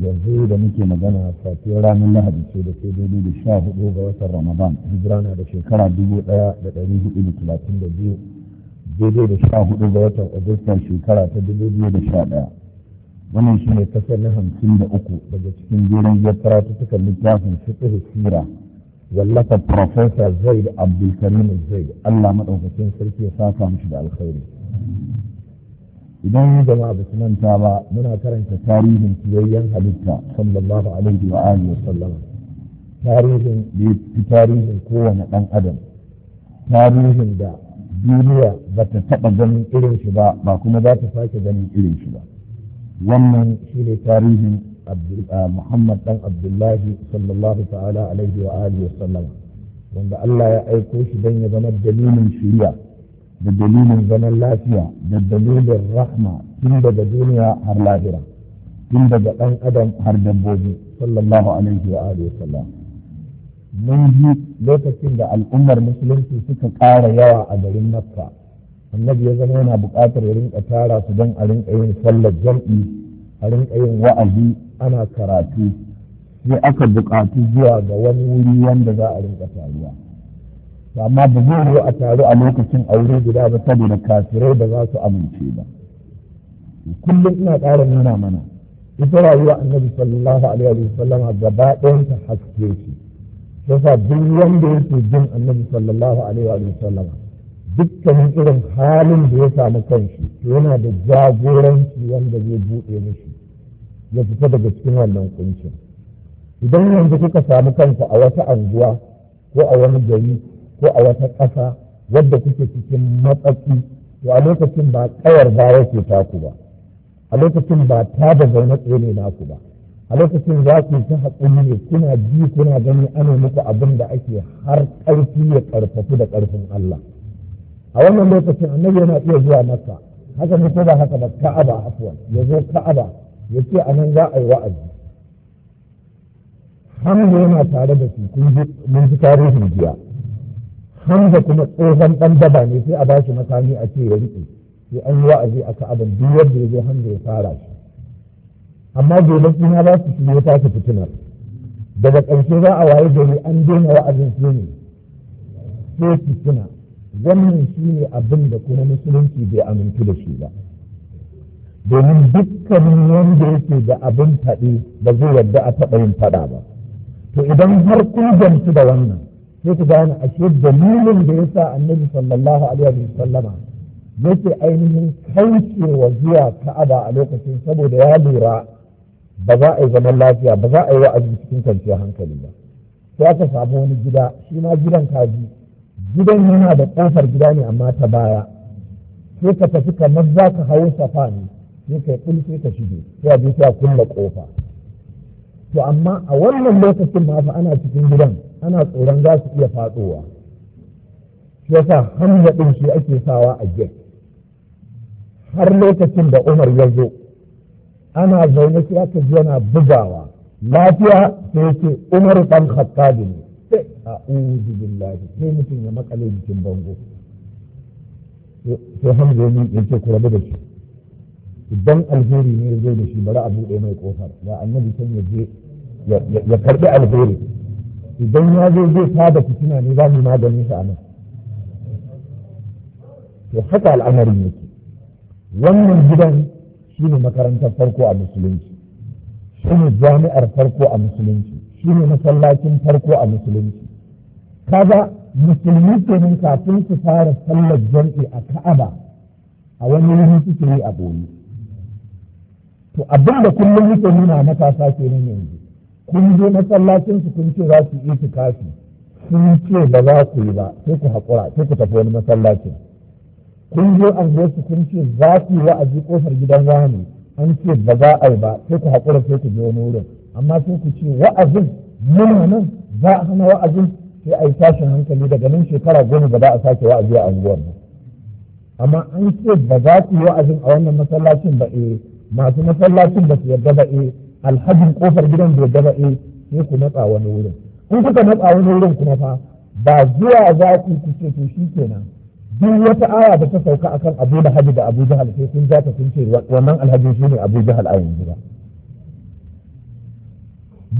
yanzu da muke magana safiyar ranar lahadi ce da ke daidai da sha hudu ga watan ramadan hijira na da shekara dubu daya da dari hudu da talatin da biyu daidai da sha hudu ga watan agustan shekara ta dubu biyu da sha daya wannan shi ne kasar na hamsin da uku daga cikin jerin jattara ta tukar littafin fiqh sira wallafa professor zaid abdulkarim zaid allah madaukakin sarki ya saka mishi da alkhairi idan jama'a ba su manta ba muna karanta tarihin fiyayyen halitta sallallahu alaihi wa alihi wasallam tarihin da ya tarihin kowane ɗan adam tarihin da duniya ba ta taɓa ganin irin shi ba ba kuma za ta sake ganin irin shi ba wannan shi ne tarihin ah, muhammad ɗan abdullahi sallallahu ta'ala alaihi wa alihi wanda allah ya aiko shi don ya zama dalilin shirya da dalilin zaman lafiya da dalilin rahma tun daga duniya har lahira tun daga ɗan adam har dabbobi sallallahu alaihi wa alihi sallam mun ji lokacin da al'ummar musulunci suka ƙara yawa a garin makka annabi ya zama yana buƙatar ya rinka tara su don a rinka yin sallar jam'i a rinƙa yin wa'azi ana karatu sai aka buƙatu zuwa ga wani wuri wanda za a rinƙa taruwa to amma ba zai yi a taru a lokacin aure guda ba saboda kafirai ba za su amince ba kullum ina ƙara nuna mana ita rayuwa annabi sallallahu alaihi wa sallam gaba ɗayan ta haske shi yasa duk wanda yake jin annabi sallallahu alaihi wa sallam dukkanin irin halin da ya samu kanshi yana da jagoranci wanda zai buɗe mishi ya fita daga cikin wannan kuncin idan yanzu kuka samu kanku a wata anguwa ko a wani gari ko a wata ƙasa wadda kuke cikin matsatsi to a lokacin ba ƙayar baya ke taku ba a lokacin ba ta da zaune tsaye ne naku ba a lokacin za ku ta haƙuri ne kuna ji kuna gani ana muku abin da ake har ƙarfi ya ƙarfafu da ƙarfin Allah a wannan lokacin annabi yana iya zuwa maka haka ne ko ba haka ba ka'aba afwan ya zo ka'aba ya ce a nan za a yi wa'azi hamdu yana tare da su kun ji tarihin jiya canza kuma tsohon ɗan daba ne sai a ba shi makami a ce ya riƙe sai an yi wa'azi a abin duk wanda ya zo hanga ya fara shi amma gobe ya ba su shigo ta tashi fitinar daga ƙarshe za a waye gari an daina wa'azin su ne sai fitina wannan shi ne abin da kuma musulunci bai amintu da shi ba domin dukkanin wanda yake da abin faɗi ba zai yarda a taɓa yin faɗa ba to idan har kun gamsu da wannan sai ku gane ashe dalilin da sa annabi sallallahu alaihi wa sallama yake ainihin kaucewa zuwa ka'aba a lokacin saboda ya lura ba za a yi zaman lafiya ba za a yi wa'azi cikin kwanciyar hankali ba sai aka samu wani gida shi ma gidan kaji gidan yana da kofar gida ne amma ta baya sai ka tafi kamar za ka hau safa ne sai ka yi sai ka shige sai a je sai a kulle kofa to amma a wannan lokacin ma fa ana cikin gidan ana tsoron za su iya faɗowa shi yasa hamza ɗin shi ake sawa a gate har lokacin da umar ya zo ana zaune sai aka ji yana bugawa lafiya sai ce umar ɗan khattabi ne sai a uzu billahi sai mutum ya maƙale jikin bango sai hamza ya ce ku rabu da shi idan alheri ne ya zo da shi bari a buɗe mai ƙofar da annabi can ya je ya karɓi alheri idan ya zo zai tada fitina ne za mu maganin sa a nan to haka al'amarin yake wannan gidan shi ne makarantar farko a musulunci shi ne jami'ar farko a musulunci shi ne masallacin farko a musulunci kaga musulmi kenan kafin su fara sallar jam'i a ka'aba a wani wuri suke yi a boye to abinda kullum yake nuna matasa kenan yanzu kun je masallacin su kun ce za su yi itikafi sun ce ba za ku yi ba sai ku haƙura sai ku tafi wani masallacin kun je an su kun ce za ku yi wa'azi kofar gidan zamani an ce ba za a yi ba sai ku haƙura sai ku je wani wurin amma sai ku ce wa'azin muna nan za a hana wa'azin sai a yi tashin hankali daga nan shekara goma ba za a sake wa'azi a unguwar ba amma an ce ba za ku yi wa'azin a wannan masallacin ba eh masu masallacin ba su yarda ba eh alhajin kofar gidan da gaba eh, sai ku matsa wani wurin in kuka matsa wani wurin kuma fa ba zuwa za ku ku ce to shi kenan duk wata aya da ta sauka akan Abu Lahab da Abu Jahal sai sun zata sun ce wannan alhajin shine Abu Jahal a yanzu ba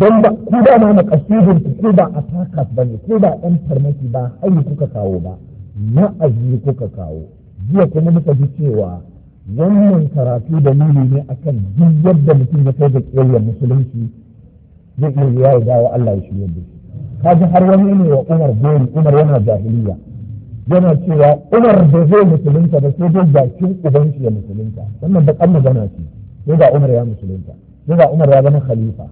don ba ku ba ma na kasidin ku ba a takas ba ne ku ba yan farmaki ba hayi kuka kawo ba ma'azi kuka kawo jiya kuma muka ji cewa wannan karatu da nuni ne akan duk yadda mutum ya kai da kiyayyar musulunci zai iya zuwa ya dawo Allah ya shirya da ka har wani ne wa Umar gori Umar yana jahiliya yana cewa Umar da zai musulunta da sai dai bakin uban shi ya musulunta wannan da kan magana ce sai ga Umar ya musulunta sai ga Umar ya zama khalifa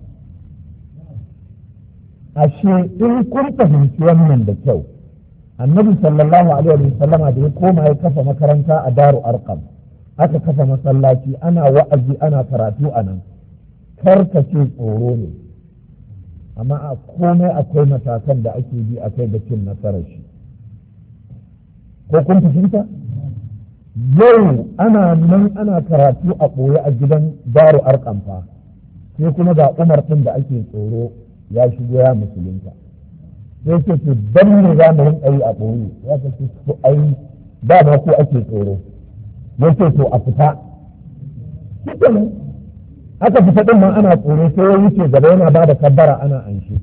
ashe in kun fahimci wannan da kyau annabi sallallahu alaihi wa sallama da ya koma ya kafa makaranta a daru arqam aka kafa masallaci ana wa'azi ana karatu a nan karka ce tsoro ne amma a komai akwai matakan da ake bi a kai ga cin nasarar shi ko kun fahimta yau ana nan ana karatu a ɓoye a gidan baro arkamfa sai kuma ga umar ɗin da ake tsoro ya shigo ya musulunta sai ce su ban ne za mu yi a ɓoye ya ce su ai ba ma ko ake tsoro ya ce to a fita cikin aka fita din ma ana tsoro sai ya wuce gaba yana ba da kabbara ana an shi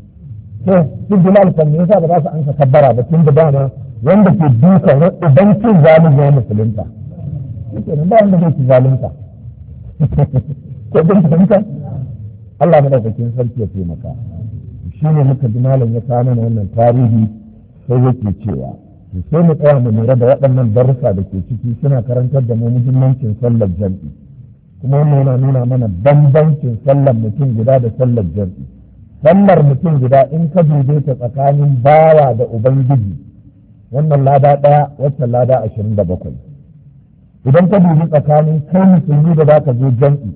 to sun ji kan ne yasa ba za su an ka kabbara ba tun da dama wanda ke duka idan cin zalin ya musulunta cikin ba wanda zai ci zalunta ko bin fahimta Allah madaukakin sarki ya taimaka shi ne muka ji malam ya kawo mana wannan tarihi sai yake cewa sai mu tsaya mu lura da waɗannan darussa da ke ciki suna karantar da mu muhimmancin sallar jam'i kuma wannan yana nuna mana bambancin sallar mutum guda da sallar jam'i sallar mutum guda in ka dube ta tsakanin bawa da ubangiji wannan lada ɗaya wacce lada ashirin da bakwai idan ka dubi tsakanin kai musulmi da za ka zo jam'i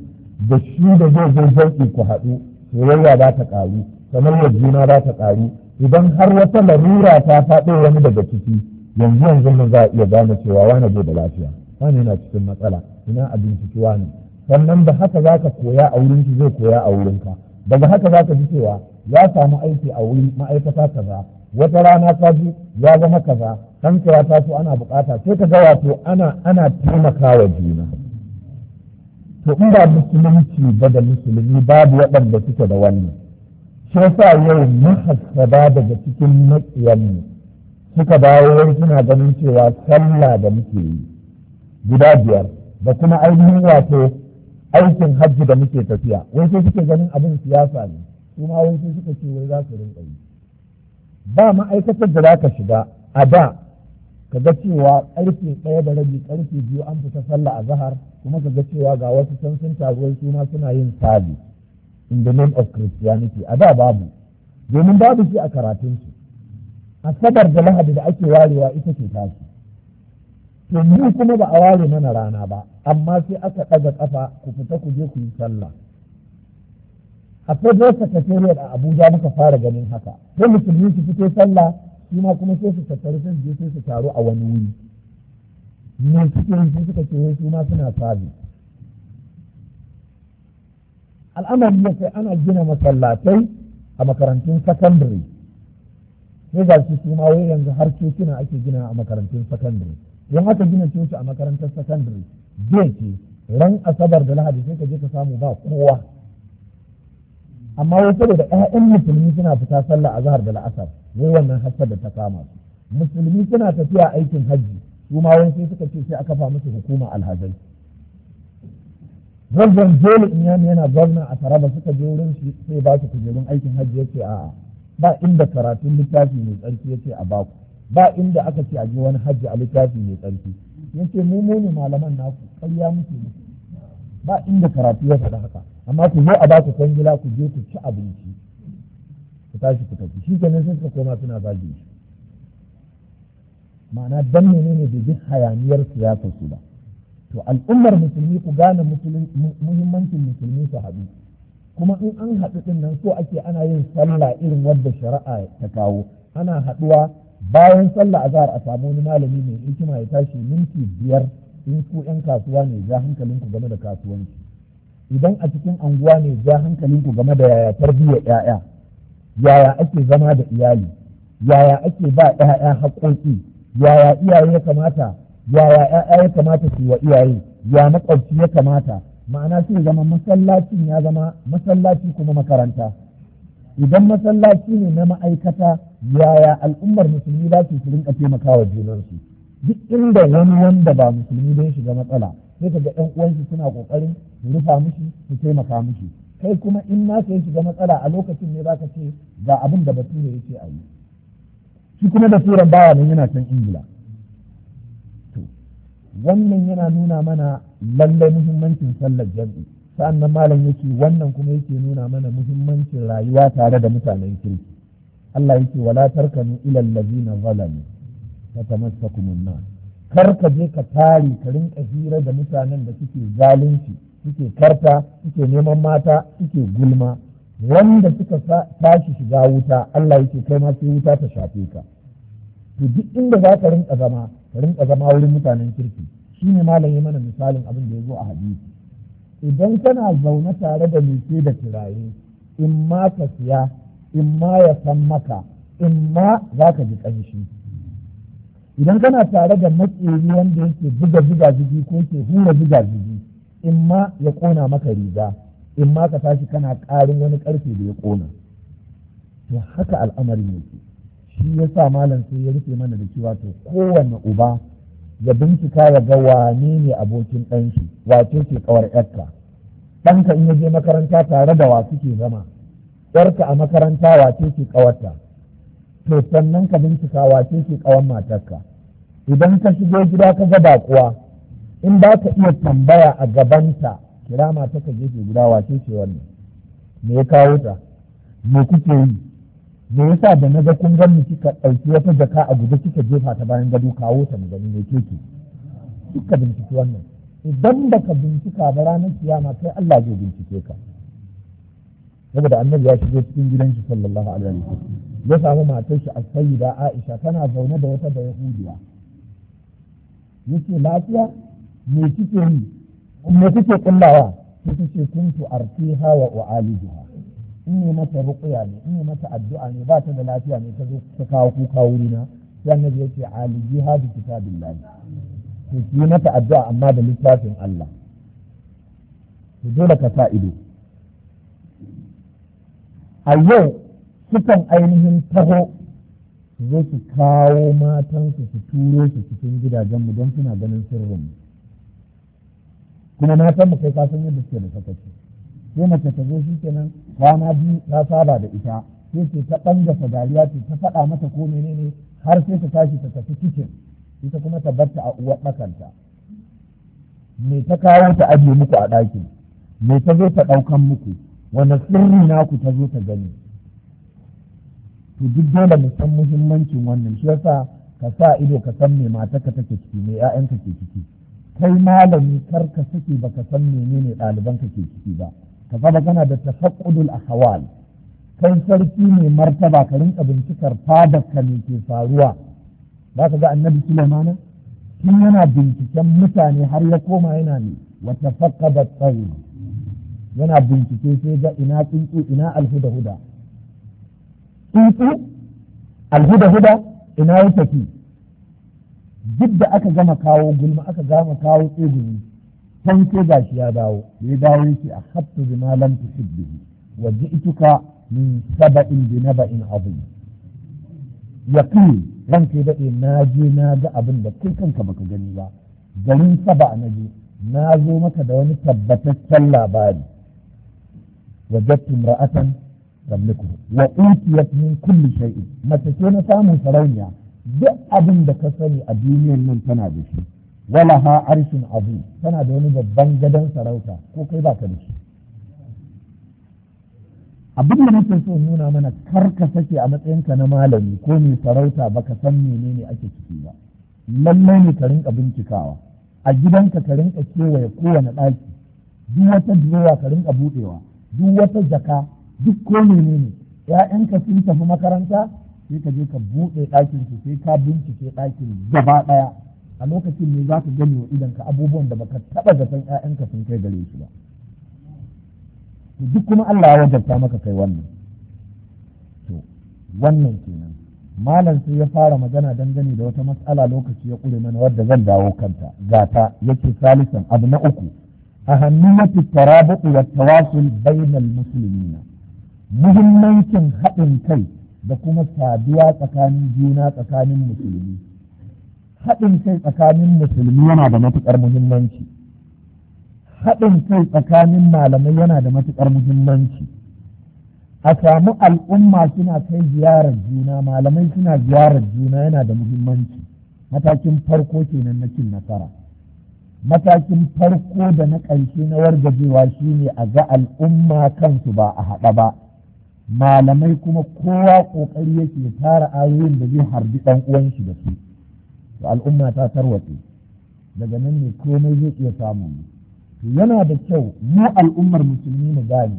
da shi da zai zo jam'i ku haɗu soyayya za ta ƙaru kamar juna za ta ƙaru idan har wata larura ta faɗo wani daga ciki yanzu yanzu nan za a iya gane cewa wani zai da lafiya wani yana cikin matsala ina a binciki wani sannan da haka za ka koya a wurin ki zai koya a wurin ka. daga haka za ka ji cewa ya samu aiki a wurin ma'aikata kaza wata rana ta ji ya zama kaza kanka ya so ana bukata sai ka ga wato ana ana wa juna to in ba musulunci ba da musulmi babu waɗanda suke da wannan shi yau yau mahassaba daga cikin matsiyanmu suka dawo wani suna ganin cewa sallah da muke yi guda biyar da kuma ainihin wato aikin hajji da muke tafiya wasu suke ganin abin siyasa ne kuma wai suka ce wai za su rinka yi ba ma'aikatar da za ka shiga a da ka ga cewa karfe ɗaya da rabi karfe biyu an fita sallah a zahar kuma ka ga cewa ga wasu can sun taruwai su suna yin sabis in the name of Christianity a da babu domin babu shi a karatun su sabar da lahadi da ake warewa ita ce tashi to ni kuma ba a ware mana rana ba amma sai aka ɗaga ƙafa ku fita ku je ku yi sallah a federal secretariat a abuja muka fara ganin haka sai musulmi su fito sallah shi ma kuma sai su tattari sai je sai su taru a wani wuri me suke yi suka ce su ma suna sabi al'amarin ya sai ana gina masallatai a makarantun sakandare sai ga su su wai yanzu har cocina ake gina a makarantun sakandare don aka gina coci a makarantar sakandare zai ce ran asabar da lahadi sai ka je ka samu ba kowa amma wai saboda ƴaƴan musulmi suna fita sallah a zahar da la'asar wai wannan hassar da ta kama musulmi suna tafiya aikin hajji su ma sai suka ce sai aka fa musu hukuma alhazai rabban dole in yami yana gwamna a taraba suka je wurin shi sai ba su kujerun aikin hajji ce a'a ba inda karatun littafi mai tsarki ce a baku ba inda aka ce a je wani hajji a littafi mai tsarki ce mu mu ne malaman naku ƙarya muke muku ba inda karatu ya faɗa haka amma ku zo a ba ku kwangila ku je ku ci abinci ku tashi ku tafi shi kenan sai suka koma suna zagi shi ma'ana dan menene bai bi hayaniyar siyasar su ba to al'ummar musulmi ku gane muhimmancin musulmi su haɗu kuma in an haɗu ɗin nan so ake ana yin sallah irin wadda shari'a ta kawo ana haɗuwa bayan sallah a zahar a samu wani malami mai hikima ya tashi minti biyar in ku yan kasuwa ne ja hankalin ku game da kasuwanci idan a cikin anguwa ne ja hankalin ku game da yaya tarbiyyar yaya yaya ake zama da iyali yaya ake ba yaya haƙƙoƙi yaya iyaye ya kamata yaya 'ya'ya ya kamata su wa iyaye ya makwabci ya kamata ma'ana sai zama masallacin ya zama masallaci kuma makaranta idan masallaci ne na ma'aikata yaya al'ummar musulmi za su su rinka taimakawa junansu duk inda wani wanda ba musulmi don shiga matsala sai ka ga ɗan uwansu suna ƙoƙarin, su rufa mishi su taimaka mushi kai kuma in na sai shiga matsala a lokacin ne zaka ce ga abin da bature yake a yi shi kuma da turan bawa nan yana can ingila wannan yana nuna mana lallai muhimmancin sallar jam'i sa'annan malam yake wannan kuma yake nuna mana muhimmancin rayuwa tare da mutanen kirki Allah yake wala tarkanu ila allazina zalamu fa tamassakumun nar kar ka je ka tari ka rinka hira da mutanen da suke zalunci suke karta suke neman mata suke gulma wanda suka tashi shiga wuta Allah yake kai ma sai wuta ta shafe ka to duk inda za ka rinka zama ka rinka zama wurin mutanen kirki shine malam ya mana misalin abin da ya zo a hadisi idan kana zaune tare da mai da kiraye in ma ka siya in ma ya san maka in ma za ka ji ƙanshi idan kana tare da maƙeri wanda yake buga buga jigi ko ke hura buga jigi in ma ya ƙona maka riga in ma ka tashi kana ƙarin wani ƙarfe da ya ƙona to haka al'amarin yake shi ya sa malam sai ya rufe mana da cewa to kowane uba ya bincika ya ga wane ne abokin ɗanshi wace ke kawar ƴarka? ɗanka in ya je makaranta tare da wa suke zama yarka a makaranta wace ke kawarta to sannan ka bincika wace ke kawar matarka idan ka shigo gida ka ga bakuwa in ba ka iya tambaya a gabanta kira matarka gefe guda wace ce wannan me ya kawo ta me kuke yi me sa da na ga kun gan kika ɗauki wata jaka a guje kika jefa ta bayan gado kawo ta mu gani ke ke kika binciki wannan idan ka bincika ba ranar kiyama kai Allah zai bincike ka saboda annabi ya shigo cikin gidan shi sallallahu alaihi wasallam ya samu matar shi as-sayyida Aisha tana zaune da wata da yahudiya yace lafiya me kike yi me kike kullawa sai ce kuntu hawa wa u'alijuha in ne mata rukuya ne in ne mata addu'a ne ba ta da lafiya ne ta zo ta kawo kuka wuri na sai annabi yace ali jihadu kitabillahi to ki mata addu'a amma da littafin Allah to dole ka sa ido a yau sukan ainihin taho zo su kawo matansu su turo su cikin gidajen mu don suna ganin sirrin mu kuma na san mu kai kasan yadda suke da sakaci sai mace ta zo shi kenan kwana biyu na saba da ita sai ce ta ta dariya ce ta faɗa mata ko menene har sai ta tashi ta tafi kicin ita kuma ta barta a uwar ɗakanta me ta kawo ta ajiye muku a ɗakin me ta zo ta ɗaukan muku wani sirri naku ta zo ta gani to duk dole mu san muhimmancin wannan shi yasa ka sa ido ka san me matarka take ciki me ƴaƴanka ke ciki kai malami kar ka ba baka san menene ɗalibanka ke ciki ba ka zama kana da tafaqqudul ahwal kai sarki ne martaba ka rinka bincikar fadarka ne ke faruwa za ka ga annabi Sulaimana tun yana binciken mutane har ya koma yana ne wa tafaqqada tsayi yana bincike sai ga ina tsuntsu ina alhuda-huda tsuntsu alhuda-huda ina ya tafi duk da aka gama kawo gulma aka gama kawo tsegumi can ga shi ya dawo ya dawo yake a hattu bi ma lam tusib bihi wa ji'tuka min saba'in bi naba'in azim yaqin ran sai dade na je na ga abin da kai kanka baka gani ba garin saba na je na zo maka da wani tabbataccen labari wajadtu imra'atan tamliku wa utiyat min kulli shay'in mace ce na samun sarauniya duk abin da ka sani a duniyar nan tana da shi wala ha arshin abu tana da wani babban gadon sarauta ko kai ba ka da shi abin da nake so nuna mana kar ka sake a matsayinka na malami ko mai sarauta ba ka san menene ake ciki ba lallai ne ka rinka bincikawa a gidanka ka rinka kewaye kowane ɗaki duk wata durowa ka rinka buɗewa duk wata jaka duk ko menene ya'yanka sun tafi makaranta sai ka je ka buɗe ɗakin su sai ka bincike ɗakin gaba ɗaya a lokacin ne za ka gani wa ka abubuwan da baka taba zaton ƴaƴanka sun kai gare shi ba duk kuma Allah ya wajabta maka kai wannan to wannan kenan malam sai ya fara magana dangane da wata matsala lokaci ya ƙure mana wadda zan dawo kanta gata yake salisan abu na uku A ahammiyatu tarabutu wa tawasul bainal na. muhimmancin haɗin kai da kuma saduwa tsakanin juna tsakanin musulmi haɗin kai tsakanin musulmi yana da matuƙar muhimmanci haɗin kai tsakanin malamai yana da matuƙar muhimmanci a samu al'umma suna kai ziyarar juna malamai suna ziyarar juna yana da muhimmanci matakin farko kenan na cin nasara matakin farko da na ƙarshe na wargajewa shine a ga al'umma kansu ba a haɗa ba malamai kuma kowa ƙoƙari yake tara ayoyin da zai harbi ɗan uwanshi da su Wa al'umma ta tarwatse daga nan ne komai zai iya samu to yana da kyau mu al'ummar musulmi mu gane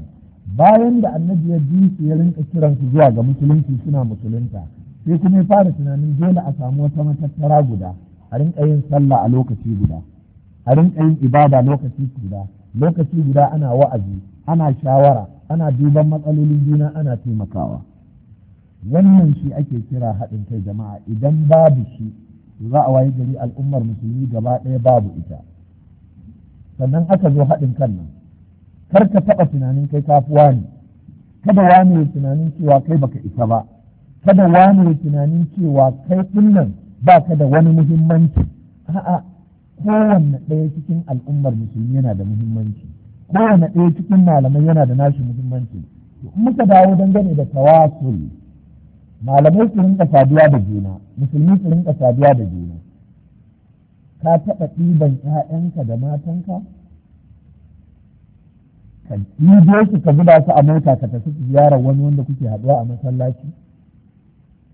bayan da annabi ya su ya rinka kiran su zuwa ga musulunci suna musulunta sai kuma ya fara tunanin dole a samu wata matattara guda a rinka yin sallah a lokaci guda a rinka yin ibada lokaci guda lokaci guda ana wa'azi ana shawara ana duban matsalolin juna ana taimakawa wannan shi ake kira haɗin kai jama'a idan babu shi za a wayi gari al'ummar musulmi gaba ɗaya babu ita sannan aka zo haɗin kan nan kar ka taɓa tunanin kai kafuwa ne kada wani ya tunanin cewa kai baka isa ba kada wani ya tunanin cewa kai ɗinnan ba ka da wani muhimmanci a'a kowanne ɗaya cikin al'ummar musulmi yana da muhimmanci kowanne ɗaya cikin malamai yana da nashi muhimmanci in muka dawo dangane da tawasul malamai su rinka saduwa da juna musulmi su rinka saduwa da juna ka taɓa ɗiban ‘ya'yanka da matanka ka ɗibo su ka zuba su a mota ka tafi ziyarar wani wanda kuke haɗuwa a masallaci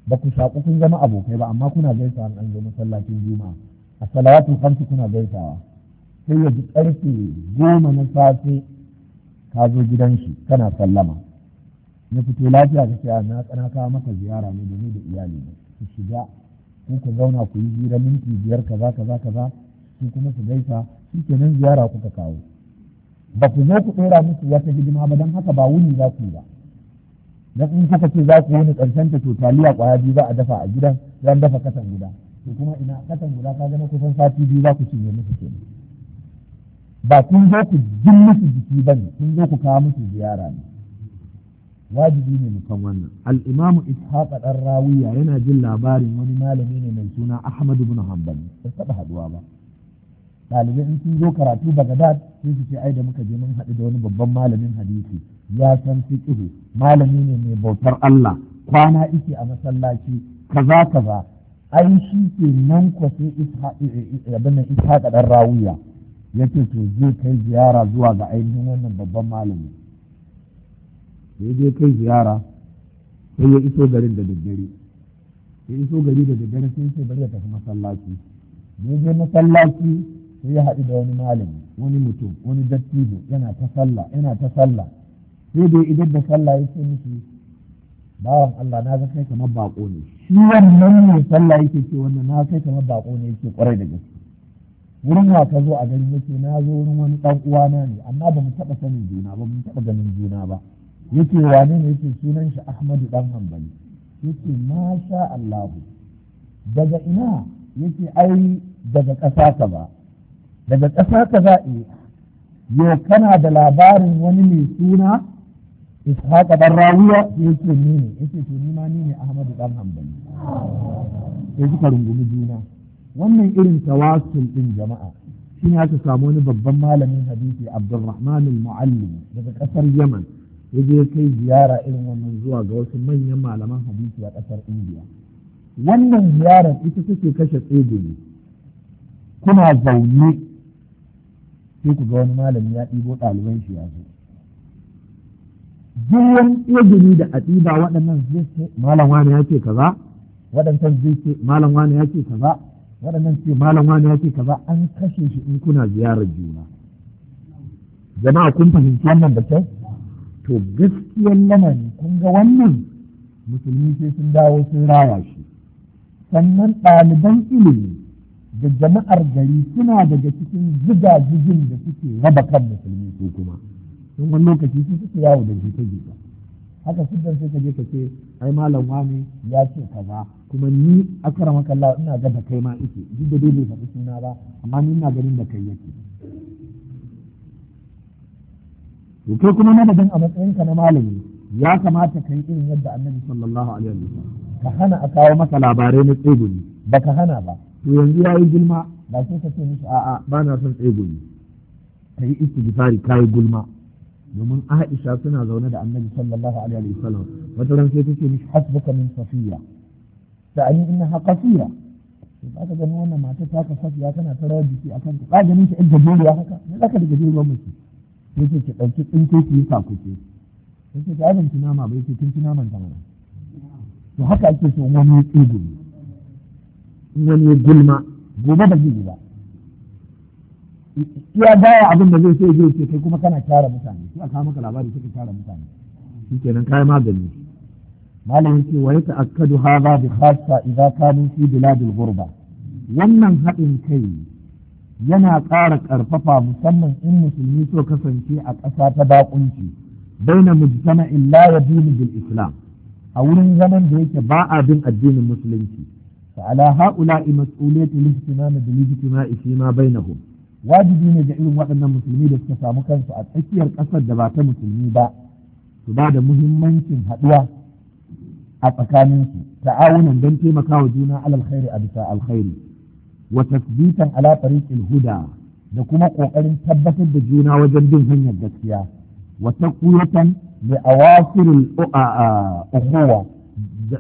ba ku shaƙu kun zama abokai ba amma kuna gaisawa an zo masallacin juma'a a salawatu kansu kuna gaisawa sai ya ji ƙarfe goma na safe ka zo gidan shi kana sallama na fito lafiya ka ce na kana kawo maka ziyara ne domin da iyali ne ku shiga ku ku zauna ku yi hira minti biyar kaza kaza kaza ku kuma su gaisa shi kenan ziyara kuka kawo ba ku zo ku tsora musu wata hidima ba don haka ba wuni za ku yi ba dan in kuka ce za ku wani ƙarshen ta to taliya kwaya biyu za a dafa a gidan zan dafa katan guda to kuma ina katan guda ka gama kusan sati biyu za ku cinye musu kenan ba kun zo ku jin musu jiki ba ne kun zo ku kawo musu ziyara ne wajibi ne mu kan wannan al-imamu ishaq dan rawiya yana jin labarin wani malami ne mai suna ahmad ibn hanbal ba taba haduwa ba ɗalibai in sun zo karatu bagadad sai su ce ai da muka je mun haɗu da wani babban malamin hadisi ya san fiqhu malami ne mai bautar Allah kwana ike a masallaci kaza kaza ai shi ke nan ko sai eh, eh, eh, ishaq dan rawiya yace to je kai ziyara zuwa ga ainihin wannan babban malami da ya je kai ziyara sai ya iso garin da daddare ya iso gari da daddare sai sai bari ya tafi masallaci da ya je masallaci sai ya haɗu da wani malami wani mutum wani dattijo yana ta sallah yana ta sallah sai dai idan da sallah ya ce miki bawan Allah na ga kai kamar bako ne shi wannan ne sallah yake ce wannan na kai kamar bako ne yake kwarai da gaske wurin wa ka zo a gari yake na zo wurin wani ɗan uwana ne amma ba mu taɓa sanin juna ba mu taɓa ganin juna ba yake wane ne yake sunan shi ahmadu dan hanbali yake masha allahu daga ina yake ai daga ƙasa ka ba daga ƙasa ka za a yau kana da labarin wani mai suna ishaqa dan rawiya yake ni ne yake ni ma ni ne ahmadu dan hanbali sai suka rungumi juna wannan irin tawasul din jama'a shi ne aka samu wani babban malamin hadisi abdurrahman al-muallim daga ƙasar yaman ya je kai ziyara irin wannan zuwa ga wasu manyan malaman hadisi a ƙasar indiya wannan ziyara ita take kashe tsegumi kuna zaune sai ku ga wani malami ya ɗibo ɗaliban shi ya zo duk wani tsegumi da a ɗiba waɗannan zai ce malam wani ya ce kaza waɗannan zai ce malam wani ya ce kaza waɗannan ce malam wani ya ce kaza an kashe shi in kuna ziyarar juna jama'a kun fahimci wannan da kyau to gaskiyar lamari kun ga wannan musulmi sai sun dawo sun raya shi sannan ɗaliban ilimi da jama'ar gari suna daga cikin jigajigin da suke raba kan musulmi ko kuma sun wani lokaci su suke yawo da jita-jita haka sudan sai ka je ka ce ai malam wani ya ce kaza kuma ni akarama makalla ina ga da kai ma ike duk da dai bai faɗi suna ba amma ni ina ganin da kai yake to kuma madadin a matsayinka na malami ya kamata ka yi irin yadda annabi sallallahu alaihi sallam ka hana a kawo maka labarai na tsegumi ba ka hana ba to yanzu ya yi gulma ba sai ka ce a'a ba na son tsegumi ka yi istighfari ka yi gulma domin Aisha suna zaune da annabi sallallahu alaihi sallam wata ran sai ta ce mishi hasbuka min safiya da ani innaha qasiya to aka gani wannan mata ta ka tana ta jiki akan ka ganin ta ɗan gajeriya haka ne zaka daga jirgin mace yake ki ɗauki tsinke ki yi kakuce yake ta abin ki nama bai ce kin ci naman ta mana to haka ake so wani ya wani gulma gobe ba zai ba iya baya abin da zai so zai ce kai kuma kana tara mutane sai aka maka labari suka tara mutane shi kenan kai magani malam yake wa yata akkadu hadha bi khassa idza kanu fi biladil ghurba wannan haɗin kai yana ƙara ƙarfafa musamman in musulmi so kasance a ƙasa ta baƙunci baina illa ya yadinu bil islam a wurin zaman da yake ba a bin addinin musulunci fa ala haula'i mas'uliyatu lihtimam bil ijtima'i fi ma bainahum wajibi ne ga irin waɗannan musulmi da suka samu kansu a tsakiyar ƙasar da ba ta musulmi ba su ba da muhimmancin haɗuwa a tsakaninsu ta'awunan don taimakawa juna alal khairi a bisa alkhairi wa tasbitan ala tariqil huda da kuma ƙoƙarin tabbatar da juna wajen bin hanyar gaskiya wa Kuyatan bi awasiril ukhuwa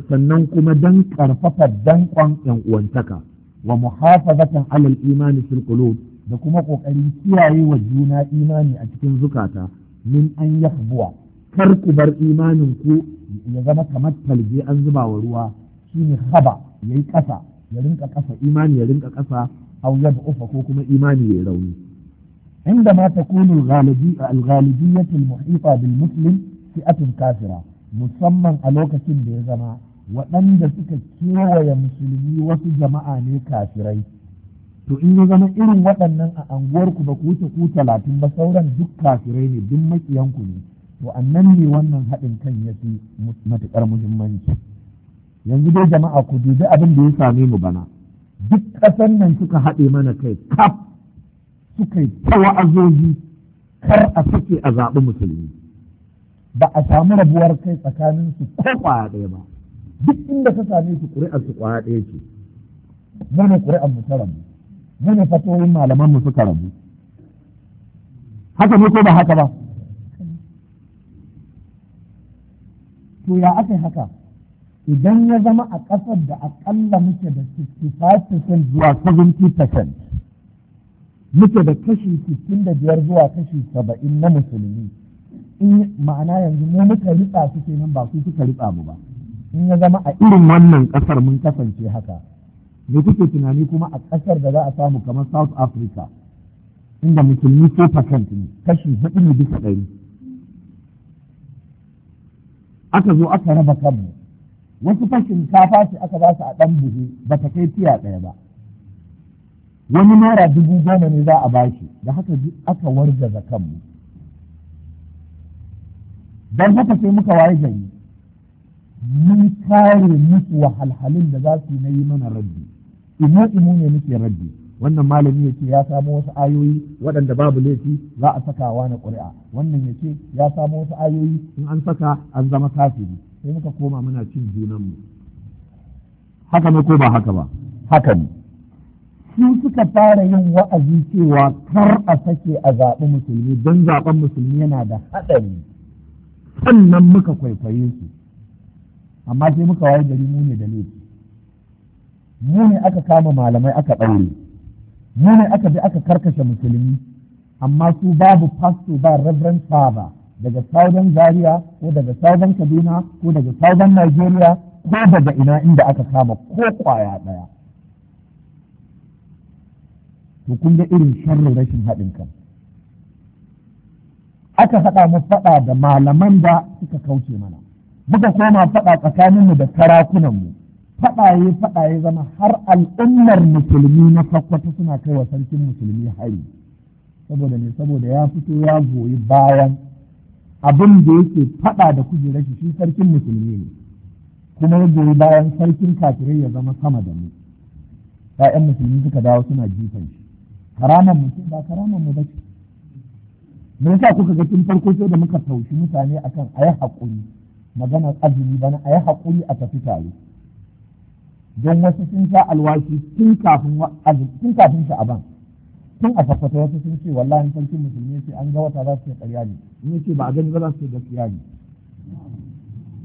sannan kuma dan karfafa dankon yan uwantaka wa muhafazatan ala al-imani fil da kuma ƙoƙarin kiyaye wa juna imani a cikin zukata min an yahbuwa kar ku bar imanin ku ya zama kamar talge an zuba wa ruwa shine haba yayi ƙasa? ya rinka ƙasa imani ya rinka ƙasa aw Ufa ko kuma imani ya rauni عندما تكون الغالبية bil المحيطة ki atin kafira, musamman a lokacin da ya zama waɗanda suka kewaye musulmi wasu jama'a ne kafirai to in ya zama irin waɗannan a anguwarku ba ku wuce ku talatin ba sauran duk kafirai ne duk makiyanku ne to annan ne wannan haɗin kan ya fi matuƙar muhimmanci yanzu dai jama'a ku dubi abin da ya same mu bana duk ƙasan nan suka haɗe mana kai kaf suka yi ta wa'azozi kar a sake a zaɓi musulmi ba a samu rabuwar kai tsakanin su ko ƙwaya ɗaya ba duk inda ka same su ƙuri'ar su ƙwaya ɗaya ce mana ƙuri'ar mu ta rabu mana fatoyin malaman mu suka rabu haka ne ko ba haka ba to ya aka haka idan ya zama a ƙasar da aƙalla muke da 65% zuwa 70% muke da kashi 65 zuwa kashi 70 na musulmi in ma'ana yanzu mu muka ritsa su kenan ba su suka ritsa mu ba in ya zama a irin wannan ƙasar mun kasance haka da kuke tunani kuma a ƙasar da za a samu kamar South Africa inda musulmi 4% ne kashi 4 bisa aka zo aka raba kanmu wasu fashin shinkafa ce aka ba su a ɗan buhu ba ta kai fiya ɗaya ba wani naira dubu goma ne za a ba shi da haka aka wargaza kanmu don haka sai muka waye gari mun kare musu wahalhalun da za su na yi mana rabbi imo imo ne muke rabbi wannan malami ya ce ya samo wasu ayoyi waɗanda babu laifi za a sakawa na ƙuri'a wannan ya ce ya samo wasu ayoyi in an saka an zama kafiri sai muka koma muna cin junanmu haka ne ko ba haka ba haka ne su suka fara yin wa'azi cewa kar a sake a zaɓi musulmi don zaɓen musulmi yana da haɗari sannan muka kwaikwaye su amma sai muka waye gari mu ne da laifi mu ne aka kama malamai aka ɗaure mu ne aka bi aka karkashe musulmi amma su babu fasto ba reverend father daga sauran zaria ko daga sauran kaduna ko daga sauran najeriya ko daga ina inda aka kama ko kwaya ɗaya to kun ga irin sharri rashin haɗin kan aka haɗa mu faɗa da malaman da suka kauce mana muka koma faɗa tsakaninmu da sarakunanmu faɗaye faɗaye zama har al'ummar musulmi na ta suna kai wa sarkin musulmi hari saboda ne saboda ya fito ya goyi bayan abin da yake faɗa da kujerar shi shi sarkin musulmi ne kuma ya goyi bayan sarkin kafirai ya zama sama da mu ƴaƴan musulmi suka dawo suna jifan shi karaman mu ba karaman mu bace me yasa kuka ga tun farko sai da muka taushi mutane akan ayi haƙuri maganar azumi bana ayi haƙuri a tafi tare don wasu sun sha alwashi kafin tun kafin sha'aban tun a tabbata wasu sun ce wallahi cin musulmi ce an ga wata za su yi ƙarya ne in ce ba a gani ba za su yi gaskiya ne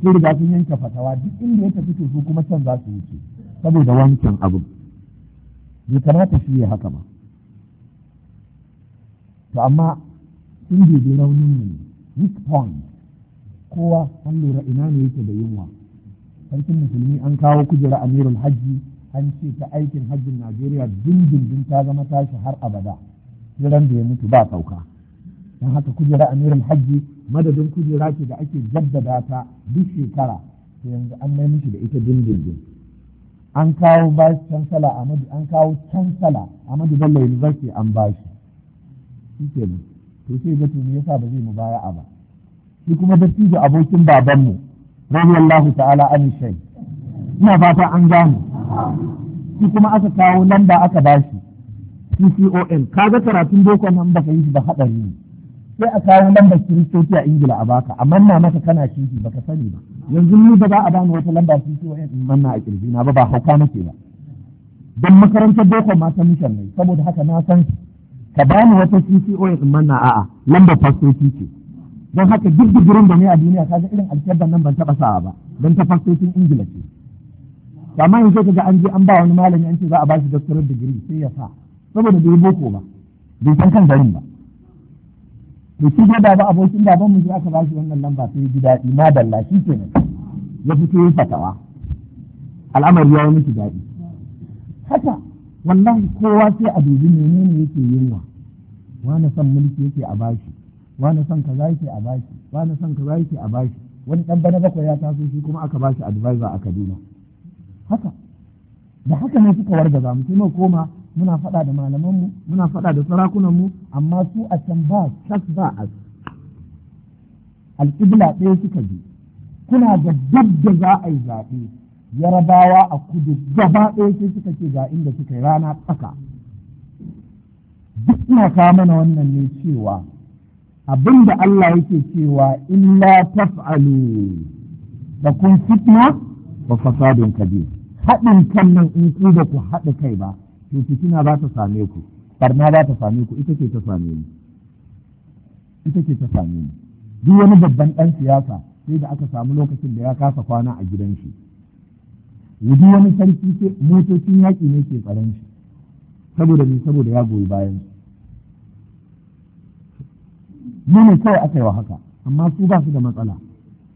sun riga sun yanke fatawa duk inda ya tafi su kuma can za su ce saboda wancan abu bai kamata shi ya haka ba to amma sun dubi raunin ne weak point kowa an lura ina ne yake da yunwa cin musulmi an kawo kujera amirul hajji an ce ta aikin hajjin Najeriya dindindin ta zama tashi har abada jiran da ya mutu ba sauka don haka kujera amirin hajji madadin kujera ce da ake jaddada ta duk shekara to yanzu an mai mishi da ita dindindin an kawo vice chancellor amadu an kawo chancellor Ahmadu Bello University an bashi shi kenan to sai ga to me yasa ba zai mu baya ba shi kuma dattijo abokin babanmu radiyallahu ta'ala an shai ina fata an gane shi kuma aka kawo lamba aka ba shi CCOM kaga karatun boko nan ka yi shi da haɗari ne sai a kawo lambar kiristoci a ingila a baka a manna maka kana shi ka sani ba yanzu ni ba za a bani wata lamba CCOM in manna a kirji na ba ba hauka nake ba don makarantar boko ma ta mission ne saboda haka na san ka bani wata CCOM in manna a lamba fastoci ce don haka duk digirin da ne a duniya kaga irin alkyabban nan ban taɓa sawa ba don ta fastocin ingila ce to amma yanzu ga an je an ba wani malami an ce za a ba shi doctorate degree sai ya sa saboda bai boko ba bai san kan garin ba da shi da ba abokin da ban je aka ba shi wannan lamba sai ji daɗi ma dalla shi kenan ya fito yin fatawa al'amari ya yi miki daɗi haka wannan kowa sai a dubi menene yake yunwa wani son mulki yake a bashi wani son kaza yake a bashi wani son kaza yake a bashi wani ɗan bana bakwai ya taso shi kuma aka bashi advisor a Kaduna haka da haka ne suka wargaza mu sai mu koma muna faɗa da malamanmu muna faɗa da sarakunanmu amma su a can ba shak ba a alƙibla ɗaya suka je kuna da duk da za a yi zaɓe yarabawa a kudu gaba ɗaya sai suka ce ga inda suka yi rana tsaka duk na kawo mana wannan ne cewa abin da Allah yake cewa illa taf'alu da kun fitna wa fasadun kabir haɗin kan nan in ku da ku haɗa kai ba to fitina ba ta same ku barna ba ta same ku ita ce ta same ni ita ce ta same ni duk wani babban ɗan siyasa sai da aka samu lokacin da ya kasa kwana a gidan shi wudu wani sarki ce motocin yaƙi ne ke tsaron shi saboda ni saboda ya goyi bayan mu ne kawai aka yi wa haka amma su ba su da matsala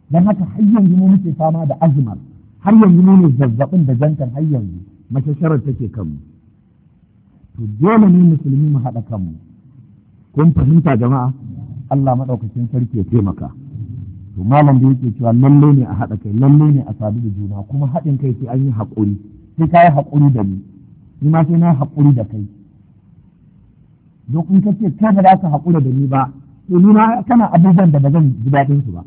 don haka har yanzu mu muke fama da azumar har yanzu mu ne zazzabin da jantar har yanzu mace sharar take kanmu to dole ne musulmi mu haɗa kanmu kun fahimta jama'a Allah maɗaukacin sarki ya taimaka to malam da yake cewa lalle ne a haɗa kai lalle ne a sadu da juna kuma haɗin kai sai an yi haƙuri sai ka yi haƙuri da ni ni ma sai na haƙuri da kai don in ka ce kai ba za ka haƙura da ni ba to ni ma kana abubuwan da ba zan ji daɗin su ba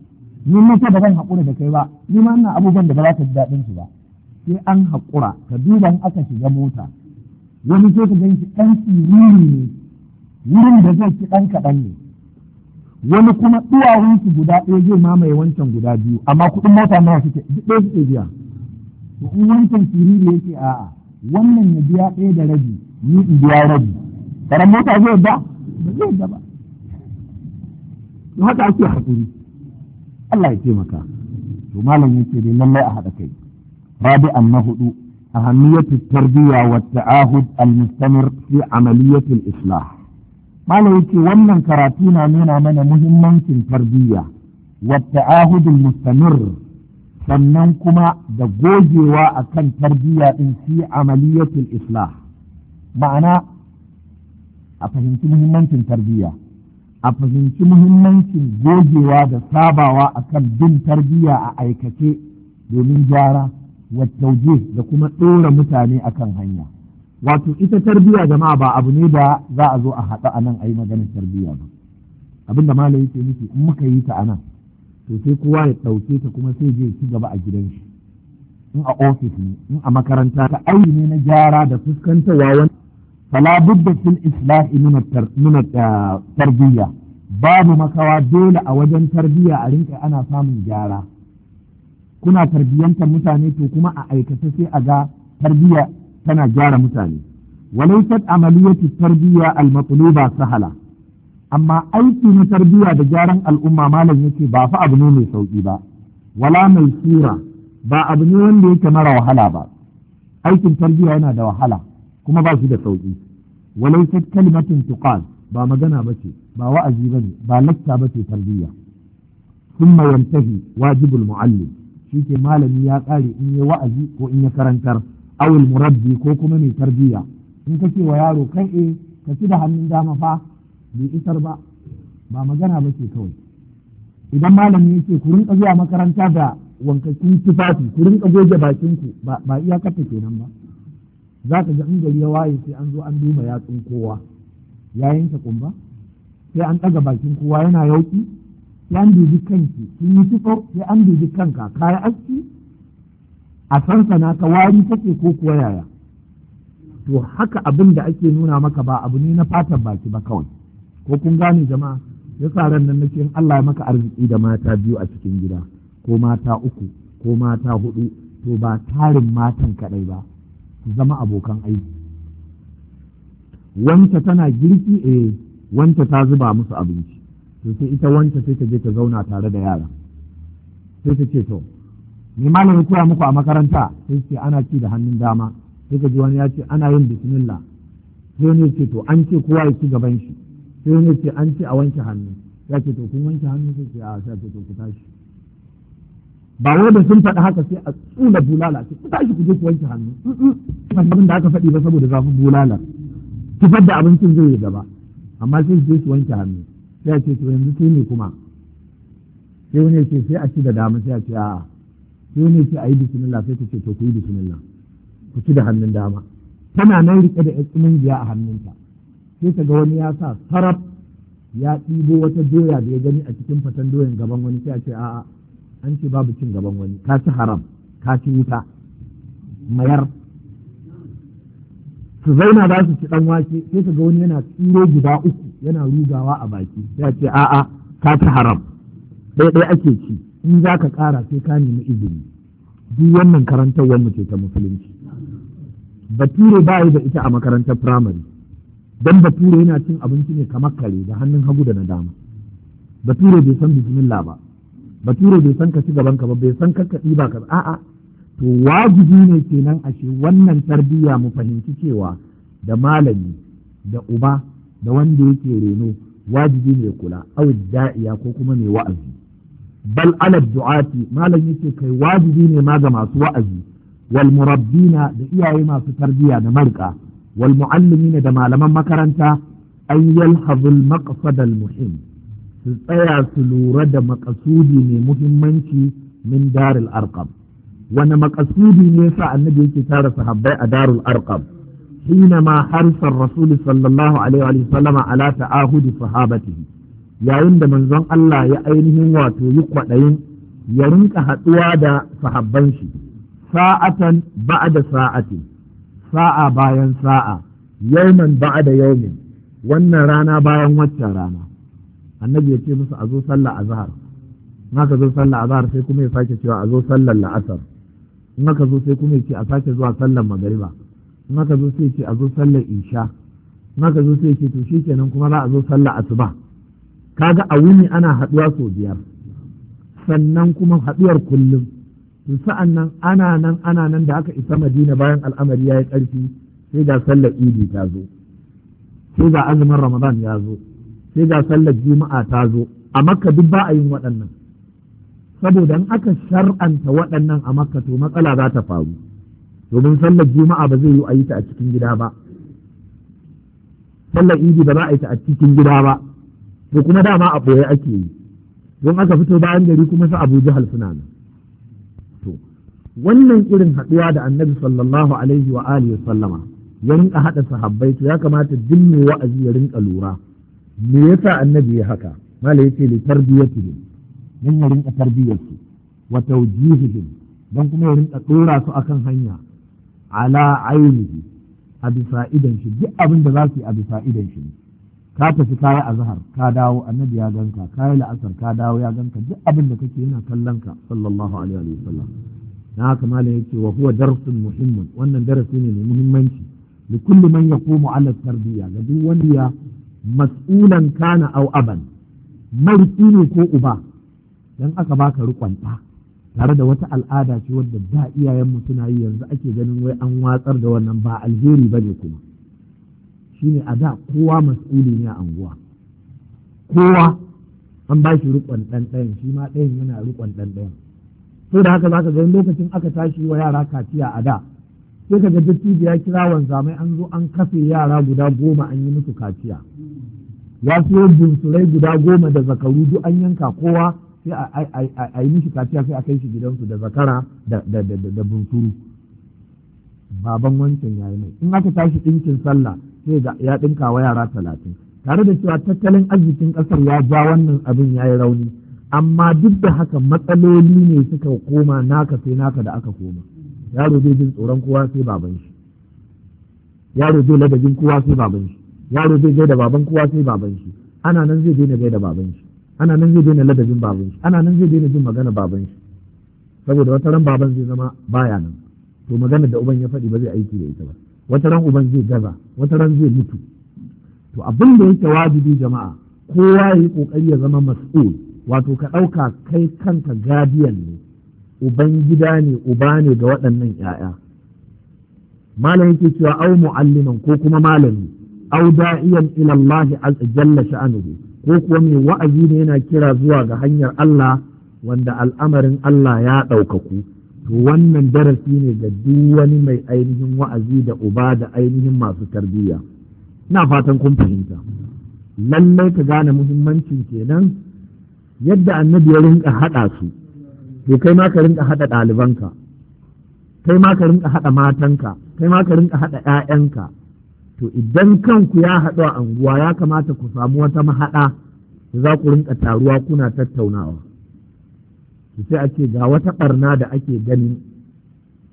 ni na ta ba zan haƙura da kai ba ni ma ina abubuwan da ba za ka ji daɗin su ba sai an haƙura ka duba in aka shiga mota wani sai ka ganshi ɗan tsiriri ne wurin da zai ci ɗan kaɗan ne wani kuma su guda ɗaya zai mamaye wancan guda biyu amma kuɗin mota nawa suke duk ɗaya suke biya to in wancan tsiriri yake a'a wannan ya biya ɗaya da rabi ni in biya rabi karan mota zai ba ba zai da ba haka ake haƙuri Allah ya taimaka to malam yake ne lallai a haɗa kai rabi an na hudu ahamiyatu tarbiyya wata ahud al mustamir fi amaliyati al islah malam yake wannan karatu na nuna mana muhimmancin tarbiyya. Wata ahudin al sannan kuma da gogewa akan tarbiyya din fi amaliyati al ma'ana a fahimci muhimmancin tarbiyya a fahimci muhimmancin gogewa da sabawa a kan bin tarbiyya a aikace domin gyara tauje da kuma ɗora mutane akan hanya wato ita tarbiyya jama'a ba abu ne da za a zo a haɗa a nan a yi maganar tarbiyya ba abinda malam yake nufi in muka yi ta a nan to sai kowa ya ɗauke ta kuma sai je ci gaba a gidan shi in a ofis ne in a makaranta ta aiki ne na gyara da fuskantarwa wani fala budda fil islah min tarbiyya babu makawa dole a wajen tarbiyya a rinka ana samun gyara kuna tarbiyyanta mutane to kuma a aikata sai a ga tarbiyya tana gyara mutane walaysat amaliyatu tarbiyya al-matluba sahala amma aiki na tarbiyya da gyaran al'umma malam yake ba fa abu ne mai sauƙi ba wala mai sura ba abu ne wanda yake mara wahala ba aikin tarbiya yana da wahala kuma ba shi da sauƙi. walaysat kalimatin tuqal ba magana bace ba wa'azi bane ba lakta bace tarbiyya thumma yantahi wajibul muallim ke malami ya kare in ya wa'azi ko in ya karantar awul murabbi ko kuma mai tarbiyya in ka ce wa yaro kan eh, ka ci da hannun dama fa bai isar ba ba magana ba ce kawai idan malami ce ku rinka zuwa makaranta da wankakin tufafi ku rinka goge bakin ku ba iyakar ta kenan ba za ka ga in gari ya waye sai an zo an duba yatsun kowa ya yanke kumba sai an ɗaga bakin kowa yana yauki sai an dubi kanki sun yi kitso sai an dubi kanka kayan aski a sansana ka wari take ko kuwa yaya to haka abin da ake nuna maka ba abu ne na fatan baki ba kawai ko kun gane jama'a ya sa ran nan nake Allah ya maka arziki da mata biyu a cikin gida ko mata uku ko mata hudu to ba tarin matan kadai ba su zama abokan aiki wanta tana girki e wanta ta zuba musu abinci to sai ita wanta sai ta je ta zauna tare da yara sai ta ce to me malamin koya muku a makaranta sai ce ana ci da hannun dama sai ka ji wani ya ce ana yin bismillah sai ne ce to an ce kowa ya ci gaban shi sai ne ce an ce a wanke hannu ya ce to kun wanke hannu sai ce a sai ce to ku tashi ba wai da sun faɗi haka sai a tsula bulala ki ku shi kuje je ku wanke hannu ban abin da aka faɗi ba saboda zafin bulala ki fadda abincin zai yi gaba amma sai je su wanke hannu sai a ce to yanzu sai ne kuma sai wani ce sai a ci da dama sai a ce a'a sai wani ce a yi bismillah sai ta ce to ku yi bismillah ku ci da hannun dama tana nan rike da ƴan giya a hannunta sai ta ga wani ya sa sarab ya ɗibo wata doya da ya gani a cikin fatan doyan gaban wani sai a ce a'a an ce babu cin gaban wani ka ci haram ka ci wuta mayar su zauna za su ci dan wake sai ka ga wani yana tsiro guda uku yana rugawa a baki ya ce a'a ka ci haram Dai-dai ɗaya ake ci in za ka ƙara sai ka nemi izini duk wannan karantarwar mu ce ta musulunci bature ba da ita a makarantar firamare don bature yana cin abinci ne kamar kare da hannun hagu da na dama bature bai san bismillah ba bature bai san ka ci gaban ka ba bai san ka ba ka a'a to wajibi ne kenan ce wannan tarbiyya mu fahimci cewa da malami da uba da wanda yake reno wajibi ne kula aw da'iya ko kuma mai wa'azi bal ala du'ati malam yake kai wajibi ne ma ga masu wa'azi wal murabbina da iyaye masu tarbiyya da marka wal muallimina da malaman makaranta an yalhazul maqsadal muhim su tsaya su lura da makasudi mai muhimmanci min darul arqam wani makasudi ne sa annabi yake tara sahabbai a darul arqam ma حرص rasul صلى الله عليه وسلم على تعاهد صحابته yayin da manzon Allah ya ainihin wato yi kwaɗayin ya rinka haɗuwa da sahabban shi sa'atan ba'da sa'ati sa'a bayan sa'a yauman ba'da yaumin wannan rana bayan waccan rana annabi ya ce musu a zo sallah a zahar? in aka zo sallah a zahar sai kuma ya sake cewa a zo sallah la'asar in aka zo sai kuma ya ce a sake zuwa sallah magariba in aka zo sai ya ce a zo sallah isha in aka zo sai ya ce to kenan kuma za a zo sallar asuba kaga a wuni ana haduwa sau biyar sannan kuma haduwar kullum sa'an nan ana nan ana nan da aka isa madina bayan al'amari ya yi ƙarfi sai ga sallar idi ta zo sai ga azumin ramadan ya zo sai ga sallar juma'a ta zo a makka duk ba a yin waɗannan saboda in aka shar'anta waɗannan a makka to matsala za ta faru domin sallar juma'a ba zai yi a yi ta a cikin gida ba sallar idi ba za a yi ta a cikin gida ba to kuma dama a ɓoye ake yi don aka fito bayan gari kuma su abu jihar suna nan to wannan irin haɗuwa da annabi sallallahu alaihi wa alihi sallama ya rinka haɗa sahabbai to ya kamata duk mai wa'azi ya rinka lura me yasa annabi ya haka mala yace li tarbiyatihim dan su rinka tarbiyarsu wa tawjihihim dan kuma ya rinka dora su akan hanya ala ainihi a bisa idan shi duk abin da za su yi a bisa idan shi ka tafi kaya a zahar ka dawo annabi ya ganka kaya la'asar ka dawo ya ganka duk abin da kake yana kallon ka sallallahu alaihi wa sallam na haka malam yace wa huwa darsun muhimmun wannan darasi ne mai muhimmanci li kulli man yaqumu ala tarbiya ga duk ya. mas'ulan kana au aban mariki ne ko uba dan aka baka rikon ɗa tare da wata al'ada ce wadda da iyayenmu suna yi yanzu ake ganin wai an watsar da wannan ba alheri bane kuma shine a da kowa mas'uli ne a anguwa kowa an ba shi rikon ɗan ɗayan shi ma ɗayan yana rikon ɗan ɗayan sai da haka zaka gani lokacin aka tashi wa yara kaciya a da sai ka ga dattijo ya kira wanzamai an zo an kafe yara guda goma an yi musu kaciya wasu bunsurai guda goma da zakaru duk an yanka kowa sai a yi mishi kaciya sai a kai shi gidansu da zakara da bunsuru baban wancan ya yi mai in aka tashi ɗinkin sallah sai ya ɗinka wa yara talatin tare da cewa tattalin arzikin ƙasar ya ja wannan abin ya yi rauni amma duk da haka matsaloli ne suka koma naka sai naka da aka koma yaro zai jin tsoron kowa kowa sai baban shi yaro zai gaida baban kowa sai baban shi ana nan zai daina gaida baban shi ana nan zai daina ladabin baban shi ana nan zai daina jin magana baban shi saboda wata ran baban zai zama baya nan to magana da uban ya faɗi ba zai aiki da ita ba wata ran uban zai gaza wata ran zai mutu to abin da yake wajibi jama'a kowa ya yi kokari ya zama mas'ul wato ka ɗauka kai kanka gadiyan ne uban gida ne uba ne ga waɗannan 'ya'ya malam yake cewa au mu'alliman ko kuma malami aw da'iyan ilallahi Allah jalla sha'anuhu ko kuwa mai wa'azi ne yana kira zuwa ga hanyar Allah wanda al'amarin Allah ya ɗaukaku to wannan darasi ne ga duk wani mai ainihin wa'azi da uba da ainihin masu tarbiyya ina fatan kun fahimta lallai ka gane muhimmancin kenan yadda annabi ya rinka haɗa su to kai ma ka rinka haɗa ɗalibanka kai ma ka rinka haɗa matanka kai ma ka rinka haɗa ‘ya'yanka to idan kanku ya haɗu a anguwa ya kamata ku samu wata mahaɗa da za ku rinka taruwa kuna tattaunawa sai a ce ga wata ɓarna da ake ganin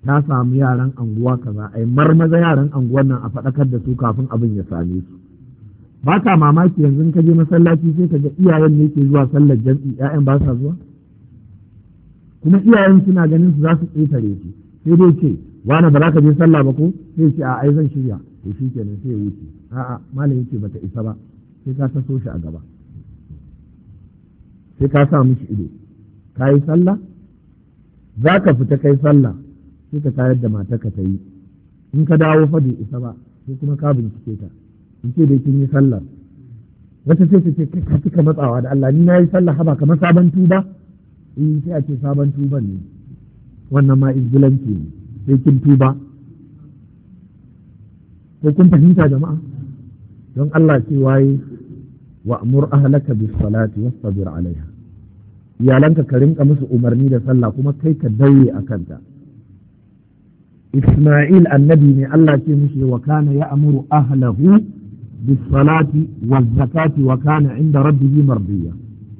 ta samu yaran anguwa kaza ai marmaza yaran anguwan nan a faɗakar da su kafin abin ya same su ba ka mamaki yanzu ka je masallaci sai ka ga iyayen ne ke zuwa sallar jam'i ƴaƴan ba sa zuwa kuma iyayen suna ganin su za su ƙetare su sai dai ce wani ba za ka je sallah ba ko sai ce a ai zan shirya to shi kenan sai ya wuce a'a malam yake bata isa ba sai ka taso shi a gaba sai ka sa mishi ido ka yi sallah za ka fita kai sallah sai ka tayar da matarka ta yi in ka dawo fa bai isa ba sai kuma ka bincike ta in ce dai kin yi sallah wata sai ta ce kai ka kika matsawa da Allah ni na yi sallah haba kamar sabon tuba in eh, sai a ce sabon tuban ne wannan ma izgilanci ne sai kin tuba ko kun fahimta jama'a don Allah ce waye wa amur ahlaka bis salati wasbir alaiha iyalanka ka rinka musu umarni da sallah kuma kai ka daure a kanta Isma'il annabi ne Allah ce mushi wa kana ya'muru ahlahu bis salati waz zakati wa kana inda rabbihi mardiya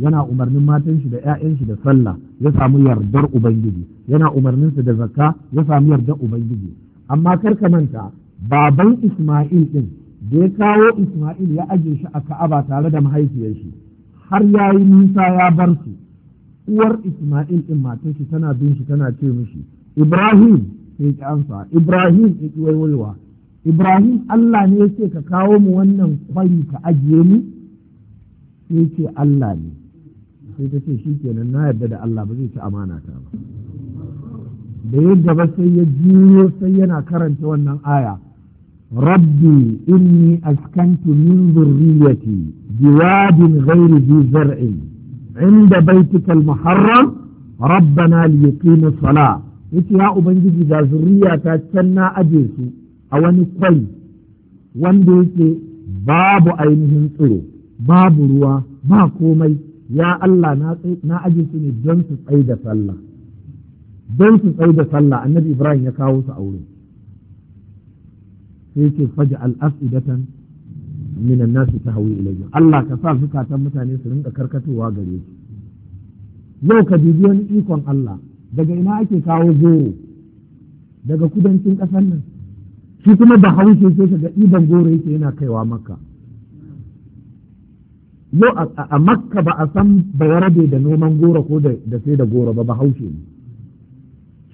yana umarnin matan shi da 'ya'yan shi da sallah ya samu yardar ubangiji yana umarnin su da zakka ya samu yardar ubangiji amma kar ka manta baban Isma'il ɗin da ya kawo Isma'il ya ajiye shi a Ka'aba tare da mahaifiyar shi har ya yi nisa ya bar su uwar Isma'il ɗin matar tana bin shi tana ce mishi Ibrahim sai ki amsa Ibrahim ya ki waiwaiwa Ibrahim Allah ne ya ce ka kawo mu wannan kwari ka ajiye mu sai ce Allah ne sai ta ce shi kenan na yarda da Allah ba zai ci amana ta ba da yadda ba sai ya jiyo sai yana karanta wannan aya rabbi inni askantu min zurriyati biwadin ghairi zi zar'in inda baitikal muharram rabbana liyaqimu salah yace ya ubangiji ga zuriya ta can na aje su a wani kwai wanda yake babu ainihin tsiro babu ruwa ba komai ya Allah na aje su ne don su tsaye sallah don su tsaye da sallah annabi ibrahim ya kawo su aure. sai ce faji al'afidatan minan nasu ta hawi ilayya Allah ka sa zukatan mutane su rinka karkatowa gare su yau ka dubi wani ikon Allah daga ina ake kawo goro daga kudancin ƙasar nan shi kuma da haushe ce ga ɗiban goro yake yana kaiwa makka yau a makka ba a san bayarabe da noman goro ko da sai da goro ba ba haushe ne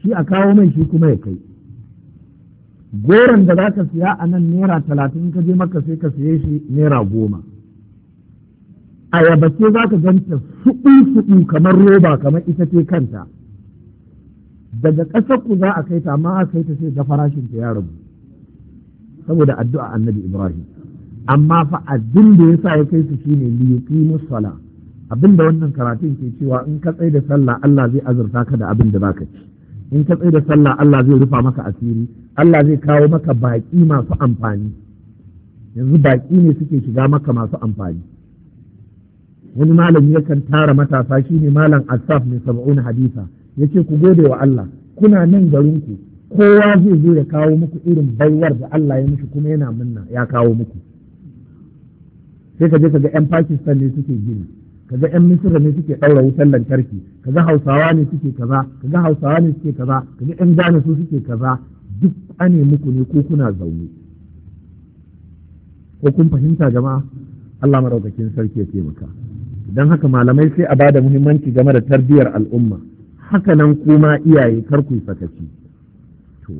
shi a kawo mai shi kuma ya kai goron da za ka siya a nan naira talatin ka je maka sai ka siye shi naira goma ayaba ce za ka ganta suɗu-suɗu kamar roba kamar ita ce kanta daga ƙasar ku za a kai ta amma a kai ta sai ga farashin ta ya rabu saboda addu'a annabi ibrahim amma fa abin da ya sa ya kai su shine ne yuqimu sala abin da wannan karatun ke cewa in ka tsaye da sallah Allah zai azurta ka da abin da ka ci in ka tsaye da sallah Allah zai rufa maka asiri Allah zai kawo maka baƙi masu amfani yanzu baƙi ne suke shiga maka masu amfani wani malami kan tara matasa shi ne malam asaf mai saba'un hadisa yace ku gode wa Allah kuna nan garin ku. kowa zai zo ya kawo muku irin baiwar da Allah ya mishi kuma yana minna ya kawo muku sai ka je ka ga 'yan Pakistan ne suke gini kaga yan misira ne suke ɗaura wutar lantarki kaga hausawa ne suke kaza kaga hausawa ne suke kaza kaga yan gane su suke kaza duk ane muku ne ko kuna zaune ko kun fahimta jama'a Allah maraukakin sarki ya taimaka don haka malamai sai a bada muhimmanci game da tarbiyyar al'umma haka nan kuma iyaye kar ku sakaci to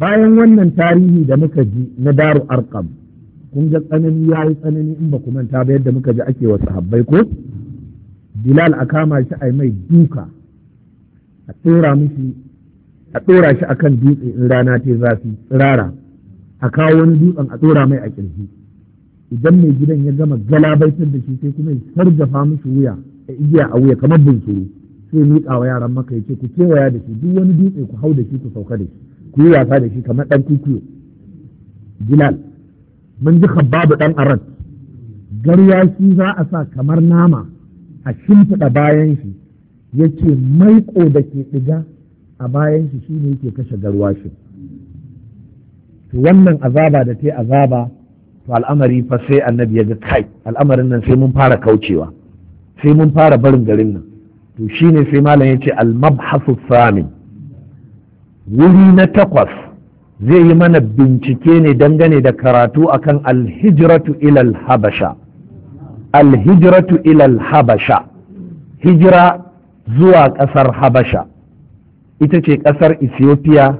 bayan wannan tarihi da muka ji na daru arkam kun ga tsanani ya yi tsanani in ba ku manta ba yadda muka ji ake wa sahabbai ko bilal a kama shi a mai duka a tsora mishi a tsora shi akan dutse in rana ce za su tsirara a kawo wani dutsen a tsora mai a kirji idan mai gidan ya gama galabaitar da shi sai kuma ya sarjafa mishi wuya a igiya a wuya kamar bunsuru sai miƙa wa yaran maka ya ce ku kewaya da shi duk wani dutse ku hau da shi ku sauka da shi ku yi wasa da shi kamar ɗan kukuyo bilal mun ji khabbabu ɗan aran garya shi za a sa kamar nama a shimfiɗa bayan shi yake maiƙo da ke ɗiga a bayan shi shine yake kashe garwashin to wannan azaba da ta azaba to al'amari fa sai annabi ya ga kai al'amarin nan sai mun fara kaucewa sai mun fara barin garin nan to ne sai malam ya ce almabhasu samin wuri na takwas zai yi mana bincike ne dangane da karatu akan Alhijratu ilal habasha Alhijiratu ilal habasha hijira zuwa ƙasar habasha ita ce ƙasar ethiopia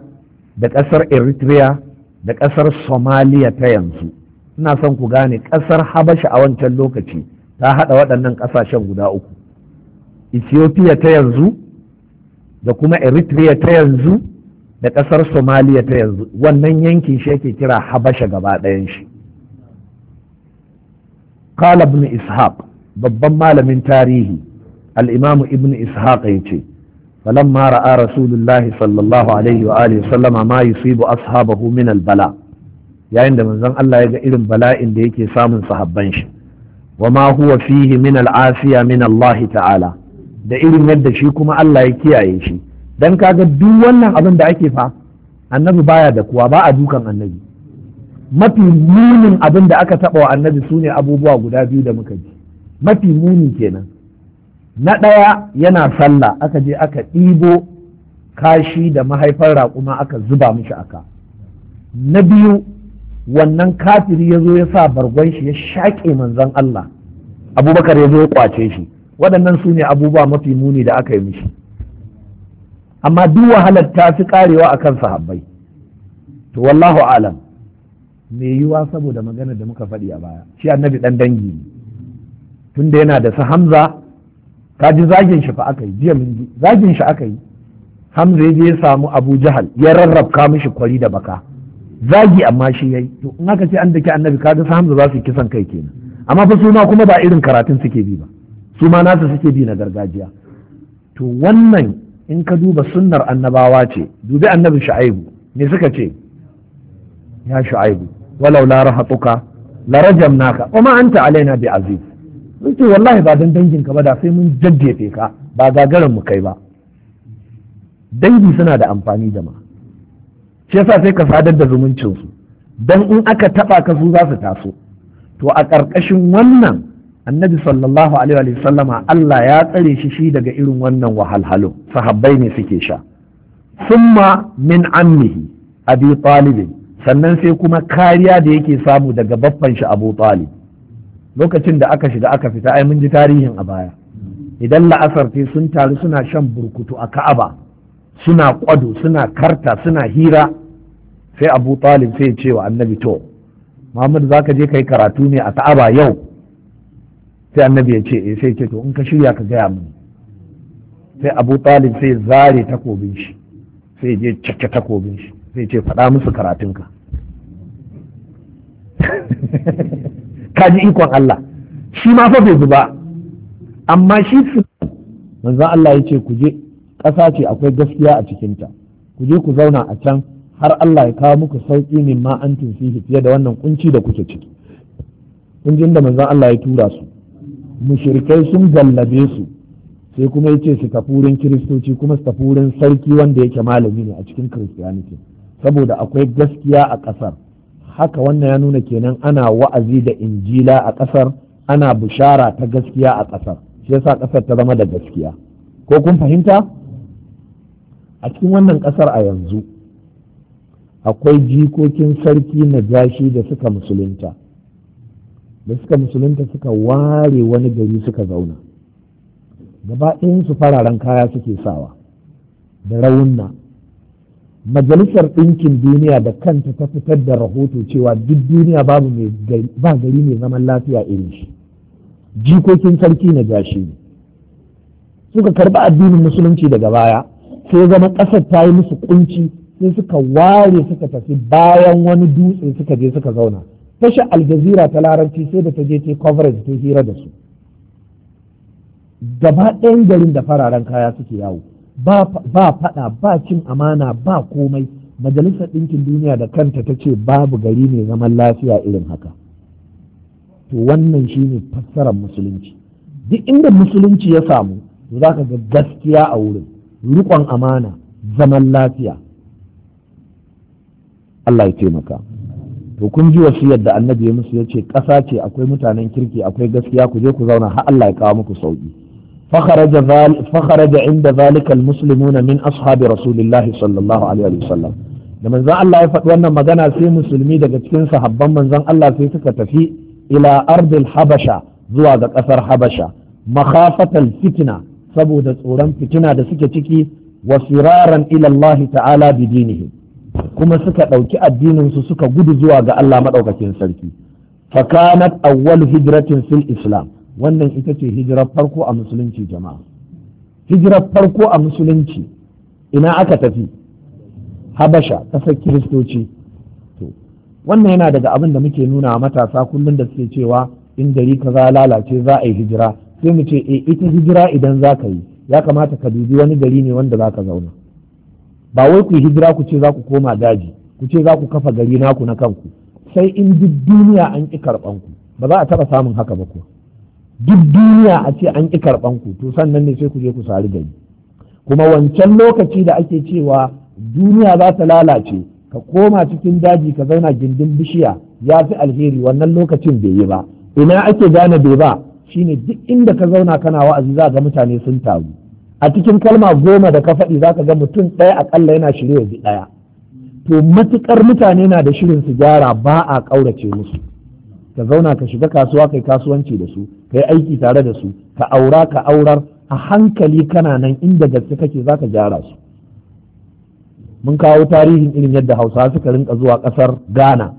da ƙasar eritrea da ƙasar Somalia ta yanzu ina son ku gane ƙasar habasha a wancan lokaci ta haɗa waɗannan ƙasashen guda uku ethiopia ta yanzu da kuma eritrea ta yanzu da ƙasar Somalia ta yanzu wannan yankin shi yake kira habasha gaba ɗayan shi qala ibn ishaq babban malamin tarihi al ibn ishaq yace mara a rasulullah sallallahu alaihi wa alihi sallama ma yusibu ashabahu min al-bala yayin da manzon Allah ya ga irin bala'in da yake samun sahabban shi wa ma huwa fihi min min Allah ta'ala da irin yadda shi kuma Allah ya kiyaye shi dan kaga duk wannan abin da ake fa annabi baya da kuwa ba a dukan annabi mafi munin abin da aka taɓa wa annabi su ne abubuwa guda biyu da muka ji mafi muni kenan na ɗaya yana sallah aka je aka ɗibo kashi da mahaifar raƙuma aka zuba mishi aka na biyu wannan kafiri ya zo ya sa bargon shi ya shaƙe manzan Allah abubakar ya zo ya kwace shi waɗannan su ne abubuwa mafi muni da aka yi mishi amma duk wahalar ta fi karewa kansa sahabbai to wallahu alam mai yiwuwa saboda magana da muka faɗi a baya shi annabi ɗan dangi ne tunda yana da su hamza ka ji zagin shi fa aka yi jiya mun ji zagin shi aka yi hamza ya je ya samu abu jahal ya rarrabka mishi kwari da baka zagi amma shi yayi to in aka ce an dake annabi Ka ga su hamza za su kisan kai kenan amma fa su ma kuma ba irin karatun suke bi ba su ma nasu suke bi na gargajiya to wannan in ka duba sunnar annabawa ce dubi annabi shu'aibu me suka ce ya shu'aibu walau la rahatuka la rajamnaka wa ma anta alaina bi aziz mun ce wallahi ba dan dangin ka ba da sai mun jajjefe ka ba gagaran mu kai ba dangi suna da amfani da ma shi yasa sai ka sadar da zumuncin su dan in aka taba ka su za su taso to a ƙarƙashin wannan annabi sallallahu alaihi wa sallama Allah ya tsare shi shi daga irin wannan wahalhalu sahabbai ne suke sha summa min ammihi abi talib sannan sai kuma kariya da yake samu daga babban shi abu talib lokacin da aka shiga aka fita ai mun ji tarihin a baya idan la'asar te sun taru suna shan burkutu a ka'aba suna kwado suna karta suna hira sai abu talib sai ce wa annabi to muhammad za ka je ka yi karatu ne a ka'aba yau sai annabi ya ce eh, sai ce to in ka shirya ka gaya mini sai abu talib sai zare takobin shi sai je cike takobin shi sai ce faɗa musu karatunka ka ji ikon Allah shi ma fa bai zuba amma shi su manzo Allah ya ce ku je ƙasa ce akwai gaskiya a cikinta ku je ku zauna a can har Allah ya kawo muku sauƙi min ma an fihi fiye da wannan kunci da kuke ciki kun jin da manzon Allah ya tura su mushrikai sun gallabe su sai kuma ya ce su tafurin kiristoci kuma su tafurin sarki wanda yake malami ne a cikin kiristiyaniti saboda akwai gaskiya a ƙasar haka wannan ya nuna kenan ana wa'azi da injila a ƙasar ana bushara ta gaskiya a ƙasar shi yasa ƙasar ta zama da gaskiya ko kun fahimta a cikin wannan ƙasar a yanzu akwai jikokin sarki na gashi da suka musulunta da suka musulunta suka ware wani gari suka zauna gaba ɗayan su fararen kaya suke sawa da raunna majalisar ɗinkin duniya da kanta ta fitar da rahoto cewa duk duniya babu ba gari mai zaman lafiya irin shi jikokin sarki na gashi suka karɓi addinin musulunci daga baya sai zama ƙasar ta yi musu kunci sai suka ware suka tafi bayan wani dutse suka je suka zauna tashar aljazira ta larabci sai da ta je ta coverage ta hira da su gaba ɗayan garin da fararen kaya suke yawo ba faɗa ba cin amana ba komai majalisar ɗinkin duniya da kanta ta ce babu gari mai zaman lafiya irin haka to wannan shi ne fassarar musulunci duk inda musulunci ya samu za ka ga gaskiya a wurin riƙon amana zaman lafiya Allah ya taimaka to kun ji wasu yadda annabi ya musu ya ce ƙasa ce akwai mutanen kirki akwai gaskiya ku je ku zauna har Allah ya kawo muku sauƙi. فخرج ذلك فخرج عند ذلك المسلمون من اصحاب رسول الله صلى الله عليه وسلم da manzon Allah ya faɗi wannan magana sai musulmi daga cikin sahabban manzon Allah sai suka tafi ila ardil habasha zuwa ga ƙasar habasha makhafatal fitina saboda tsoron fitina da suke ciki wa firaran ila Allah ta'ala bi dinihi kuma suka ɗauki addinin su suka gudu zuwa ga Allah madaukakin sarki fakanat awwal hijratin fil islam wannan ita ce hijirar farko a musulunci jama'a hijirar farko a musulunci ina aka tafi habasha ƙasar kiristoci to wannan yana daga abin da muke nuna matasa kullum da suke cewa in gari za lalace za a yi hijira sai mu ce e ita hijira idan za ka yi ya kamata ka dubi wani gari ne wanda za ka zauna ba wai ku hijira ku ce za ku koma daji ku ce za ku kafa gari naku na kanku sai in duk duniya an ƙi karɓanku ba za a taɓa samun haka ba kuwa duk duniya a ce an ƙi karɓan ku to sannan ne sai ku je ku sari gari kuma wancan lokaci da ake cewa duniya za ta lalace ka koma cikin daji ka zauna gindin bishiya ya fi alheri wannan lokacin bai yi ba ina ake gane bai ba shine duk inda ka zauna kana wa'azi za ga mutane sun taru a cikin kalma goma da ka faɗi za ka ga mutum ɗaya aƙalla yana shirye bi ɗaya to matuƙar mutane na da shirin su gyara ba a ƙaurace musu ka zauna ka shiga kasuwa kai kasuwanci da su kai aiki tare da su ka aura ka aurar a hankali kana nan inda gaske kake zaka gyara su mun kawo tarihin irin yadda hausa suka rinka zuwa ƙasar ghana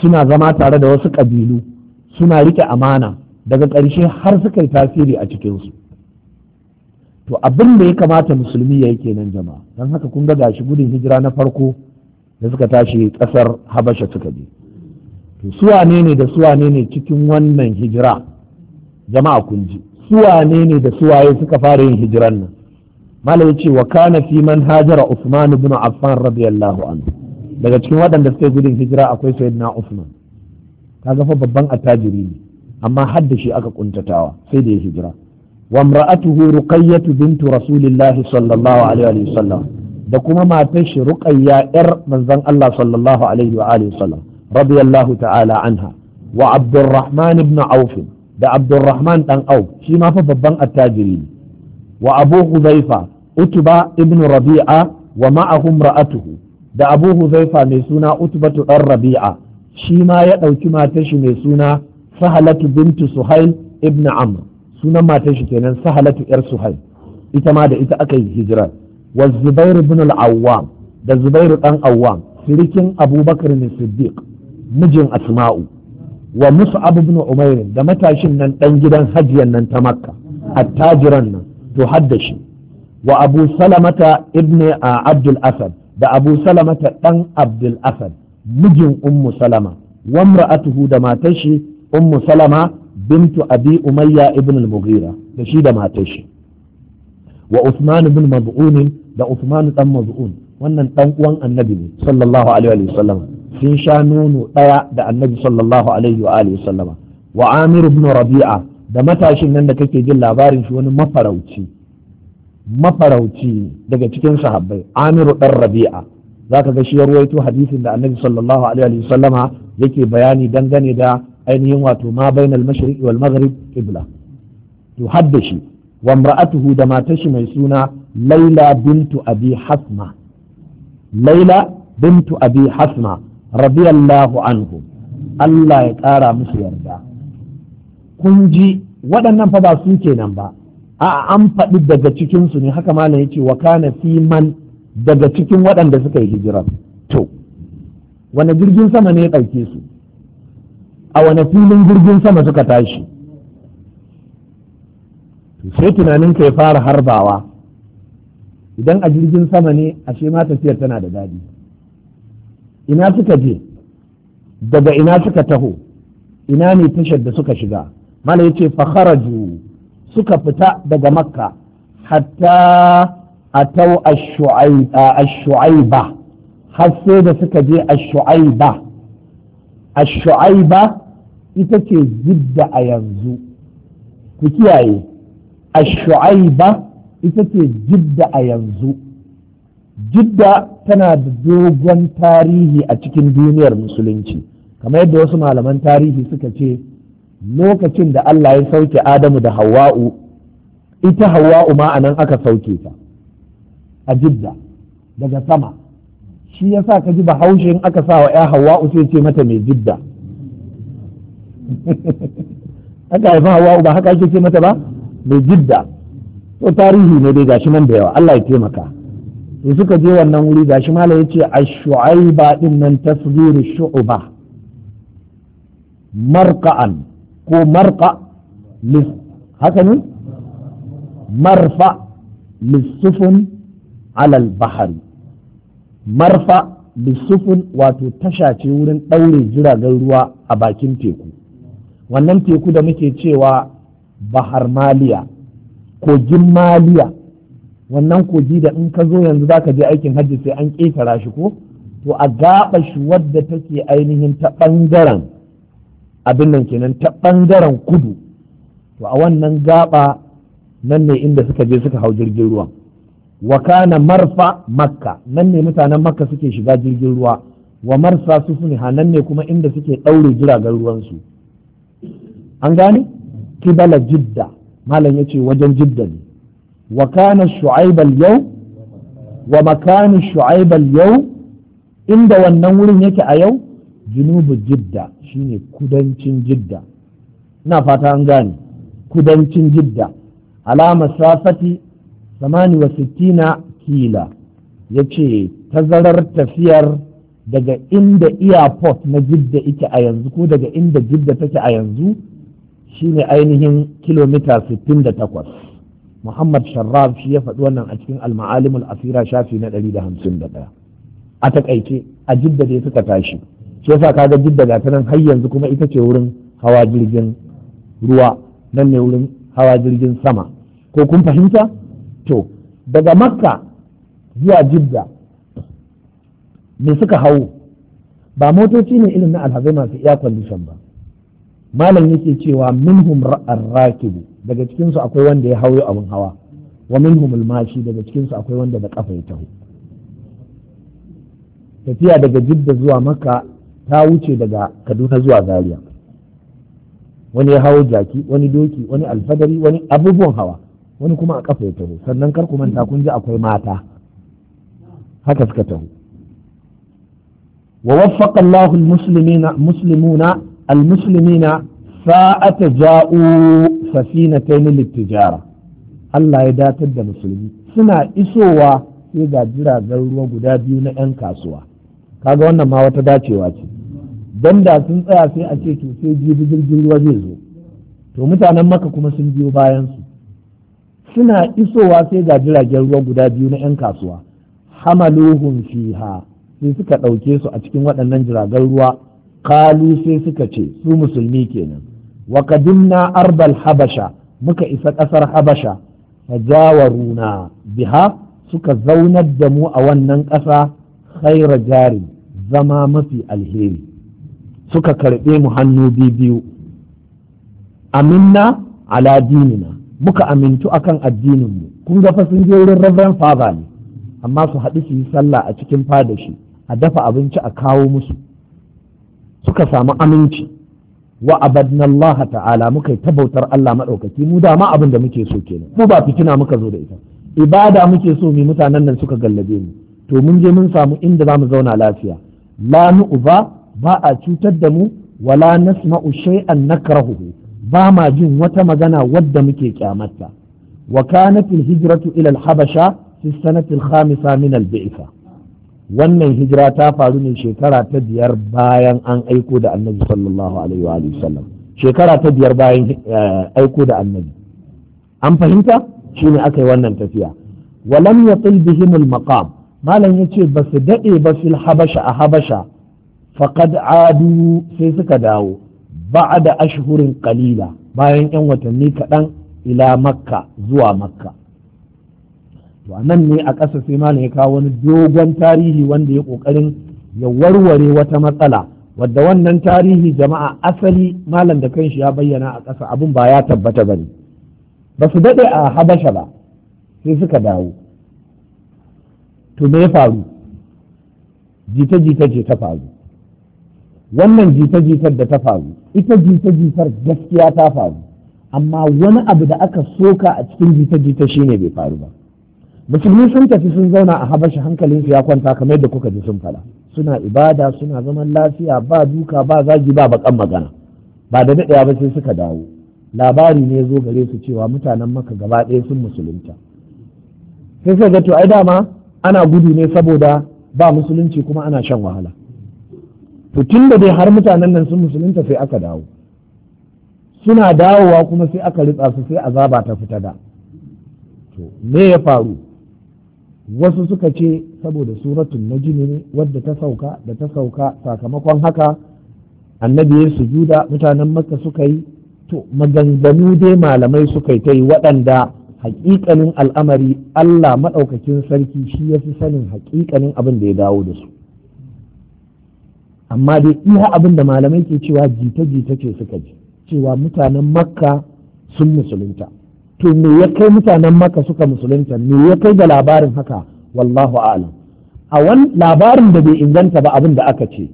suna zama tare da wasu ƙabilu suna rike amana daga ƙarshe har suka yi tasiri a cikinsu to abin da ya kamata musulmi ya yi kenan jama'a don haka kun ga gashi gudun hijira na farko da suka tashi ƙasar habasha suka je to suwane ne da suwa ne cikin wannan hijira jama'a kun ji Suwa ne da suwaye suka fara yin hijiran nan malam ya ce wa kana fi man hajara Usman ibn Affan radiyallahu anhu daga cikin waɗanda suke gudun hijira akwai sayyidina Usman kaga fa babban attajiri ne amma har shi aka kuntatawa sai da ya hijira wa imra'atuhu ruqayyatu bintu rasulillahi sallallahu alaihi wa sallam da kuma matar shi ruqayya yar manzon Allah sallallahu alaihi wa alihi sallam radiyallahu ta'ala anha wa Abdulrahman ibn auf da Abdulrahman dan Au shi ma fa babban attajiri wa abu huzaifa utba ibn rabi'a wa ma'ahum ra'atuhu da abu huzaifa mai suna utbatu dan rabi'a shi ma ya ɗauki matar mai suna sahalatu bintu suhail ibn amr sunan matar shi kenan sahalatu yar suhail ita ma da ita aka yi hijirar. wa zubair ibn al-awwam da zubairu dan awwam sirikin abubakar ne siddiq mijin asma'u wa mus'ab abubuwan umair da matashin nan dan gidan hajiyar nan ta makka attajiran nan to haddashi wa abu salamata ibn abdul asad da abu salamata dan abdul asad mijin ummu salama wa imra'atuhu da matashi ummu salama bintu abi umayya ibn al-mughira da shi da matashi wa usman ibn mab'un da usman dan mab'un wannan dan uwan annabi ne sallallahu alaihi wa sallam sun sha nono ɗaya da annabi sallallahu alaihi wa alihi sallama wa amir ibn rabi'a da matashin nan da kake jin labarin shi wani mafarauci mafarauci daga cikin sahabbai amiru dan rabi'a zaka ga shi ya ruwaito hadisin da annabi sallallahu alaihi wa sallama yake bayani dangane da ainihin wato ma bainal mashriq wal maghrib qibla to haddashi wa imra'atuhu da matashi mai suna laila bintu abi hasma laila bintu abi hasma radiyallahu anhu Allah ya ƙara musu yarda kun ji waɗannan fa ba su kenan ba a an faɗi daga cikinsu ne haka ya ce wa kana fi daga cikin waɗanda suka yi hijira to wani jirgin sama ne ya ɗauke su a wani filin jirgin sama suka tashi sai tunanin ka ya fara harbawa idan a jirgin sama ne ashe ma tafiyar tana da daɗi ina suka je daga ina suka taho ina ne tashar da suka shiga mala yace fa suka fita daga makka hatta a ash-shu'aiba har sai da suka je ash-shu'aiba ita ce jidda a yanzu ku kiyaye ashu'aiba shuaiba ita ce jidda a yanzu jidda tana da dogon tarihi a cikin duniyar musulunci kamar yadda wasu malaman tarihi suka ce lokacin da Allah ya sauke Adamu da Hawwa'u ita Hawwa'u ma anan aka sauke ta a jidda daga sama shi ya sa ka ji bahaushe aka sa wa ya Hawwa'u sai ce mata mai jidda aka haifa Hawwa'u ba haka ake ce mata ba mai jidda to tarihi ne dai gashi nan da yawa Allah ya taimaka da suka je wannan wuri gashi mala ya ce a shu'aiba din nan tasbiru shu'uba marka'an ko marka haka ne marfa lissufun alal bahari marfa lissufun wato tasha ce wurin ɗaure jiragen ruwa a bakin teku wannan teku da muke cewa bahar maliya jin maliya wannan kogi da in ka zo yanzu za ka je aikin hajji sai an ƙetara shi ko to a gaɓa shi wadda take ainihin ta ɓangaren abin nan kenan ta ɓangaren kudu to a wannan gaɓa nan ne inda suka je suka hau jirgin ruwan wa kana marfa makka nan ne mutanen makka suke shiga jirgin ruwa wa marsa sufniha nan ne kuma inda suke ɗaure jiragen ruwansu an gane kibala jidda malam ya ce wajen jidda ne وكان الشعيب اليوم ومكان الشعيب اليوم inda wannan wurin yake a yau junubu jidda shine kudancin jidda ina fata an gane kudancin jidda alama safati 68 kila ya ce tazarar tafiyar daga inda airport na jidda ike a yanzu ko daga inda jidda take a yanzu shine ainihin kilomita 68 muhammad sharraf shi ya faɗi wannan a cikin al-ma'alimul asira shafi na 151 a takaice a jidda dai suka tashi shi yasa kaga jidda ga nan har yanzu kuma ita ce wurin hawa jirgin ruwa nan ne wurin hawa jirgin sama ko kun fahimta to daga makka zuwa jidda me suka hau ba motoci ne irin na alhazai masu iya kwandishan ba malam yake cewa minhum ar rakibu daga cikin su akwai wanda ya hauyo abin hawa wa minhum al-mashi daga cikin su akwai wanda da kafa ya taho tafiya daga jidda zuwa makka ta wuce daga kaduna zuwa zaria wani ya hawo jaki wani doki wani alfadari wani abubuwan hawa wani kuma a kafa ya taho sannan kar ku manta kun ji akwai mata haka suka taho wa waffaqa Allahu al-muslimina muslimuna almuslimina sa'ata ja'u safinatayn littijara Allah ya datar da musulmi suna isowa sai ga jiragen ruwa guda biyu na 'yan kasuwa kaga wannan ma wata dacewa ce don da sun tsaya sai a ce to sai jibi jirgin ruwa zai zo to mutanen maka kuma sun biyo bayan su suna isowa sai ga jiragen ruwa guda biyu na 'yan kasuwa hamaluhum fiha sai suka ɗauke su a cikin waɗannan jiragen ruwa kalu sai suka ce su musulmi kenan wa arbal habasha muka isa ƙasar habasha fajawaruna biha suka zaunar da mu a wannan ƙasa khaira jari zama mafi alheri suka karɓi mu hannu biyu aminna ala na. muka amintu akan addininmu kun ga fa sun je wurin reverend father ne amma su haɗu su yi sallah a cikin fada shi a dafa abinci a kawo musu suka samu aminci wa abadna Allah ta'ala muka ta bautar Allah madaukaki mu da ma abin da muke so kenan mu ba fitina muka zo da ita ibada muke so mu mutanen nan suka gallabe mu to mun je mun samu inda zamu zauna lafiya la nu'ba ba a cutar da mu wala nasma'u shay'an nakrahuhu ba ma jin wata magana wadda muke kyamata. wa kanat al-hijratu ila al-habasha fi sanati al-khamisa min al-bi'sa wannan hijira ta faru ne shekara ta biyar bayan an aiko da annabi sallallahu alaihi wa sallam shekara ta biyar bayan eh, aiko da annabi an fahimta shine aka yi wannan tafiya walam yatil bihim maqam malam yace ba su dade ba fil habasha a habasha faqad adu sai suka dawo ba'da ashhurin qalila bayan yan watanni kaɗan ila makka zuwa makka to a nan ne a ƙasa sai malam ya kawo wani dogon tarihi wanda ya ƙoƙarin ya warware wata matsala wadda wannan tarihi jama'a asali malam da kanshi ya bayyana a ƙasa abin ba ya tabbata bane ba su daɗe a habasha ba sai suka dawo to me ya faru jita-jita ce ta faru wannan jita-jitar da ta faru ita jita-jitar gaskiya ta faru amma wani abu da aka soka a cikin jita-jita shine bai faru ba musulmi sun tafi sun zauna a habashi hankalinsu ya kwanta kamar yadda kuka ji sun fada suna ibada suna zaman lafiya ba duka ba zagi ba bakan magana ba da daɗe ba sai suka dawo labari ne zo gare su cewa mutanen maka gaba ɗaya sun musulunta sai sai ga to ai dama ana gudu ne saboda ba musulunci kuma ana shan wahala to tun da dai har mutanen nan sun musulunta sai aka dawo suna dawowa kuma sai aka ritsa su sai azaba ta fita da to me ya faru wasu suka ce saboda suratun na jini ne wadda ta sauka da ta sauka sakamakon haka annabi ya sujuda mutanen makka suka yi to maganganu dai malamai suka yi ta yi waɗanda haƙiƙanin al'amari Allah maɗaukakin sarki shi ya fi sanin haƙiƙanin abin da ya dawo da su amma dai iya abin da malamai ke cewa jita-jita ce suka ji cewa mutanen makka sun musulunta to me ya kai mutanen maka suka musulunta me ya kai da labarin haka wallahu alam a wani labarin da bai inganta ba abin da aka ce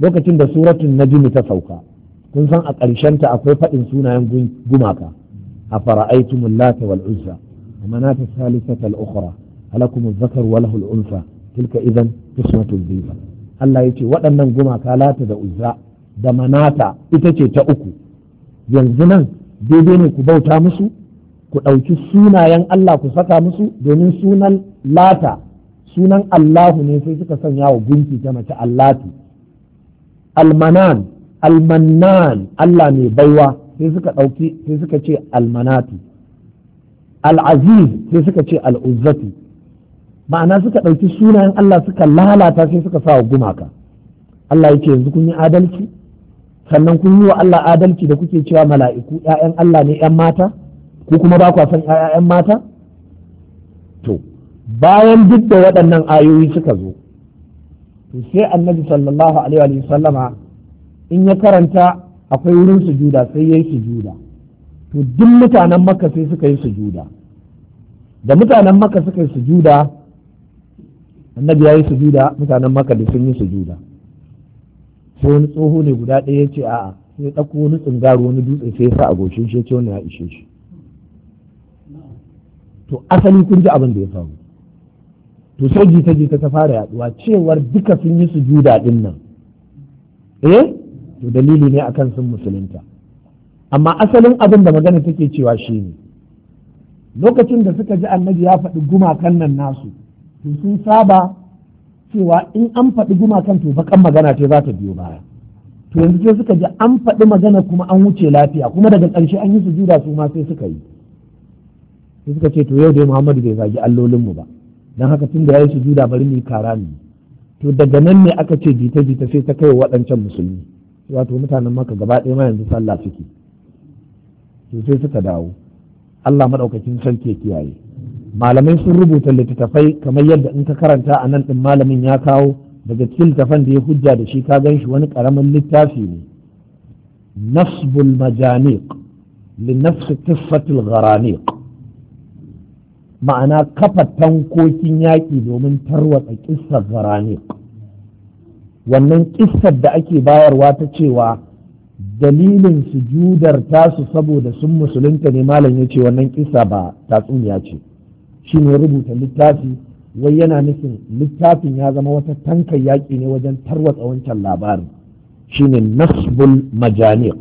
lokacin da suratun najmi ta sauka kun san a ƙarshen ta akwai faɗin sunayen gumaka a fara'aitumul lata wal unsa wa manata salisata al ukhra alakum zakar wa lahu al unsa tilka idan qismatul Allah yace waɗannan gumaka lata da uzza da manata ita ce ta uku yanzu nan daidai ne ku bauta musu ku ɗauki sunayen Allah ku saka musu domin sunan lata sunan Allahu ne sai suka sanya wa gunki ta mace Allatu almanan almannan Allah mai baiwa sai suka ɗauki sai suka ce almanatu al'aziz sai suka ce al'uzzatu ma'ana suka ɗauki sunayen Allah suka lalata sai suka sa wa gumaka Allah yake yanzu kun yi adalci sannan kun yi wa Allah adalci da kuke cewa mala'iku ‘ya'yan Allah ne ‘yan mata ko kuma ba kwa san ‘ya'yan mata to bayan duk da waɗannan ayoyi suka zo to sai annabi sallallahu alaihi wa sallama in ya karanta akwai wurin sujuda sai ya yi sujuda to duk mutanen makka sai suka yi sujuda da mutanen makka suka yi sujuda annabi ya yi sujuda mutanen makka da sun yi sujuda sai wani tsoho ne guda ɗaya ya ce a'a sai ya ɗauko wani tsingaro wani dutse sai ya sa a goshin shi ya ce wannan ya ishe shi to asali kun ji abin da ya faru to sai jita jita ta fara yaɗuwa cewar duka sun yi sujuda ɗin nan eh to dalili ne akan sun musulunta amma asalin abin da magana take cewa shi ne. lokacin da suka ji annabi ya faɗi gumakan nan nasu to sun saba cewa in an faɗi gumakan to bakan magana ce za ta biyo baya to yanzu sai suka ji an faɗi magana kuma an wuce lafiya kuma daga ƙarshe an yi sujuda su ma sai suka yi sai suka ce to yau dai Muhammadu bai zagi allolinmu ba dan haka tun da yayi sujuda bari mu kara ni to daga nan ne aka ce jita jita sai ta kai wa waɗancan musulmi wato mutanen maka gaba ɗaya ma yanzu sallah suke to sai suka dawo Allah madaukakin sarki ya kiyaye malamai sun rubuta littattafai kamar yadda in ka karanta a nan ɗin malamin ya kawo daga cikin littattafan da ya hujja da shi ka gan shi wani ƙaramin littafi ne nasbul majaniq li nafsi tiffatul gharaniq ma'ana kafa tankokin yaƙi domin tarwatsa ƙissar gharaniq wannan ƙissar da ake bayarwa ta cewa dalilin sujudar tasu saboda sun musulunta ne malam ya ce wannan kisa ba tatsuniya ce ya rubuta littafi wai yana nufin littafin ya zama wata tankar yaƙi ne wajen tarwatsa wancan labarin ne nasbul majaniq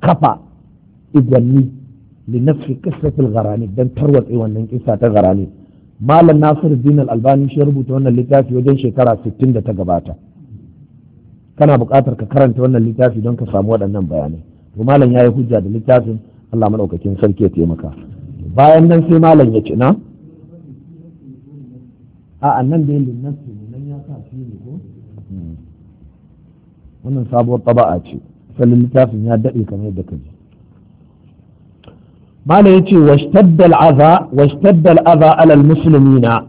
kafa igwanni li nafsi qissatil gharani dan tarwatsa wannan kisa ta gharani malam Nasiru al-albani shi rubuta wannan littafi wajen shekara 60 da ta gabata kana buƙatar ka karanta wannan littafi don ka samu waɗannan bayanai to malam yayi hujja da littafin Allah madaukakin sarki ya taimaka bayan nan sai malam ya ce na a nan dai linnansu ne nan ya sa shi ne ko wannan sabuwar taba'a ce salin littafin ya daɗe kamar yadda kaji mala ya ce washtaddal aza washtaddal aza alal musulmina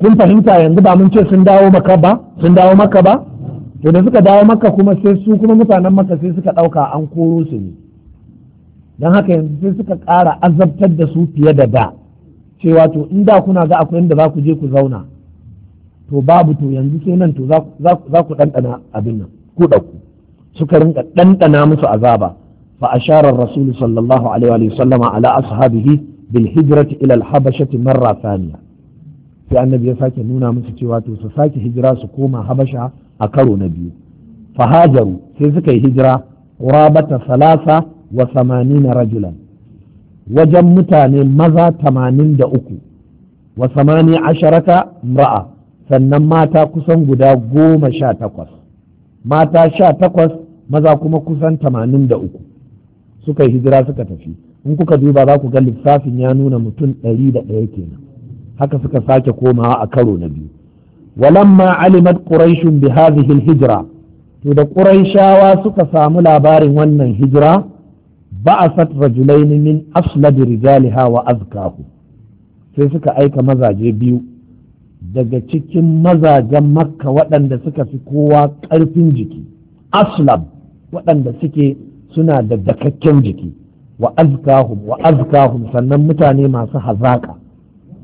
kun fahimta yanzu ba mun ce sun dawo maka ba sun dawo maka ba to da suka dawo maka kuma sai su kuma mutanen maka sai suka ɗauka an koro su ne don haka yanzu sai suka ƙara azabtar da su fiye da da cewa to in da kuna ga akwai inda za ku je ku zauna to babu to yanzu sai nan to za ku ɗanɗana abin nan ku ɗauku suka rinka ɗanɗana musu azaba fa ashara rasulu sallallahu alaihi wa sallama ala ashabihi bil hijrati ila al habashati marra thaniya sai annabi ya sake nuna musu cewa to su sake hijira su koma habasha a karo na biyu fa hajaru sai suka yi hijira qurabata salasa wa 80 rajulan wajen mutane maza tamanin da uku wa samani asharata ra'a sannan mata kusan guda goma sha takwas mata sha takwas maza kuma kusan tamanin da uku suka yi hijira suka tafi in kuka duba za ku ga lissafin ya nuna mutum ɗari da ɗaya kenan haka suka sake komawa a karo na biyu walamma alimat quraishun bi hadhihi hijira to da quraishawa suka samu labarin wannan hijira ba'asat rajulaini min aslab rijaliha wa azkahu sai suka aika mazaje biyu daga cikin mazajen makka waɗanda suka fi kowa ƙarfin jiki aslab waɗanda suke suna da dakakken jiki wa azkahum wa azkahum sannan mutane masu hazaƙa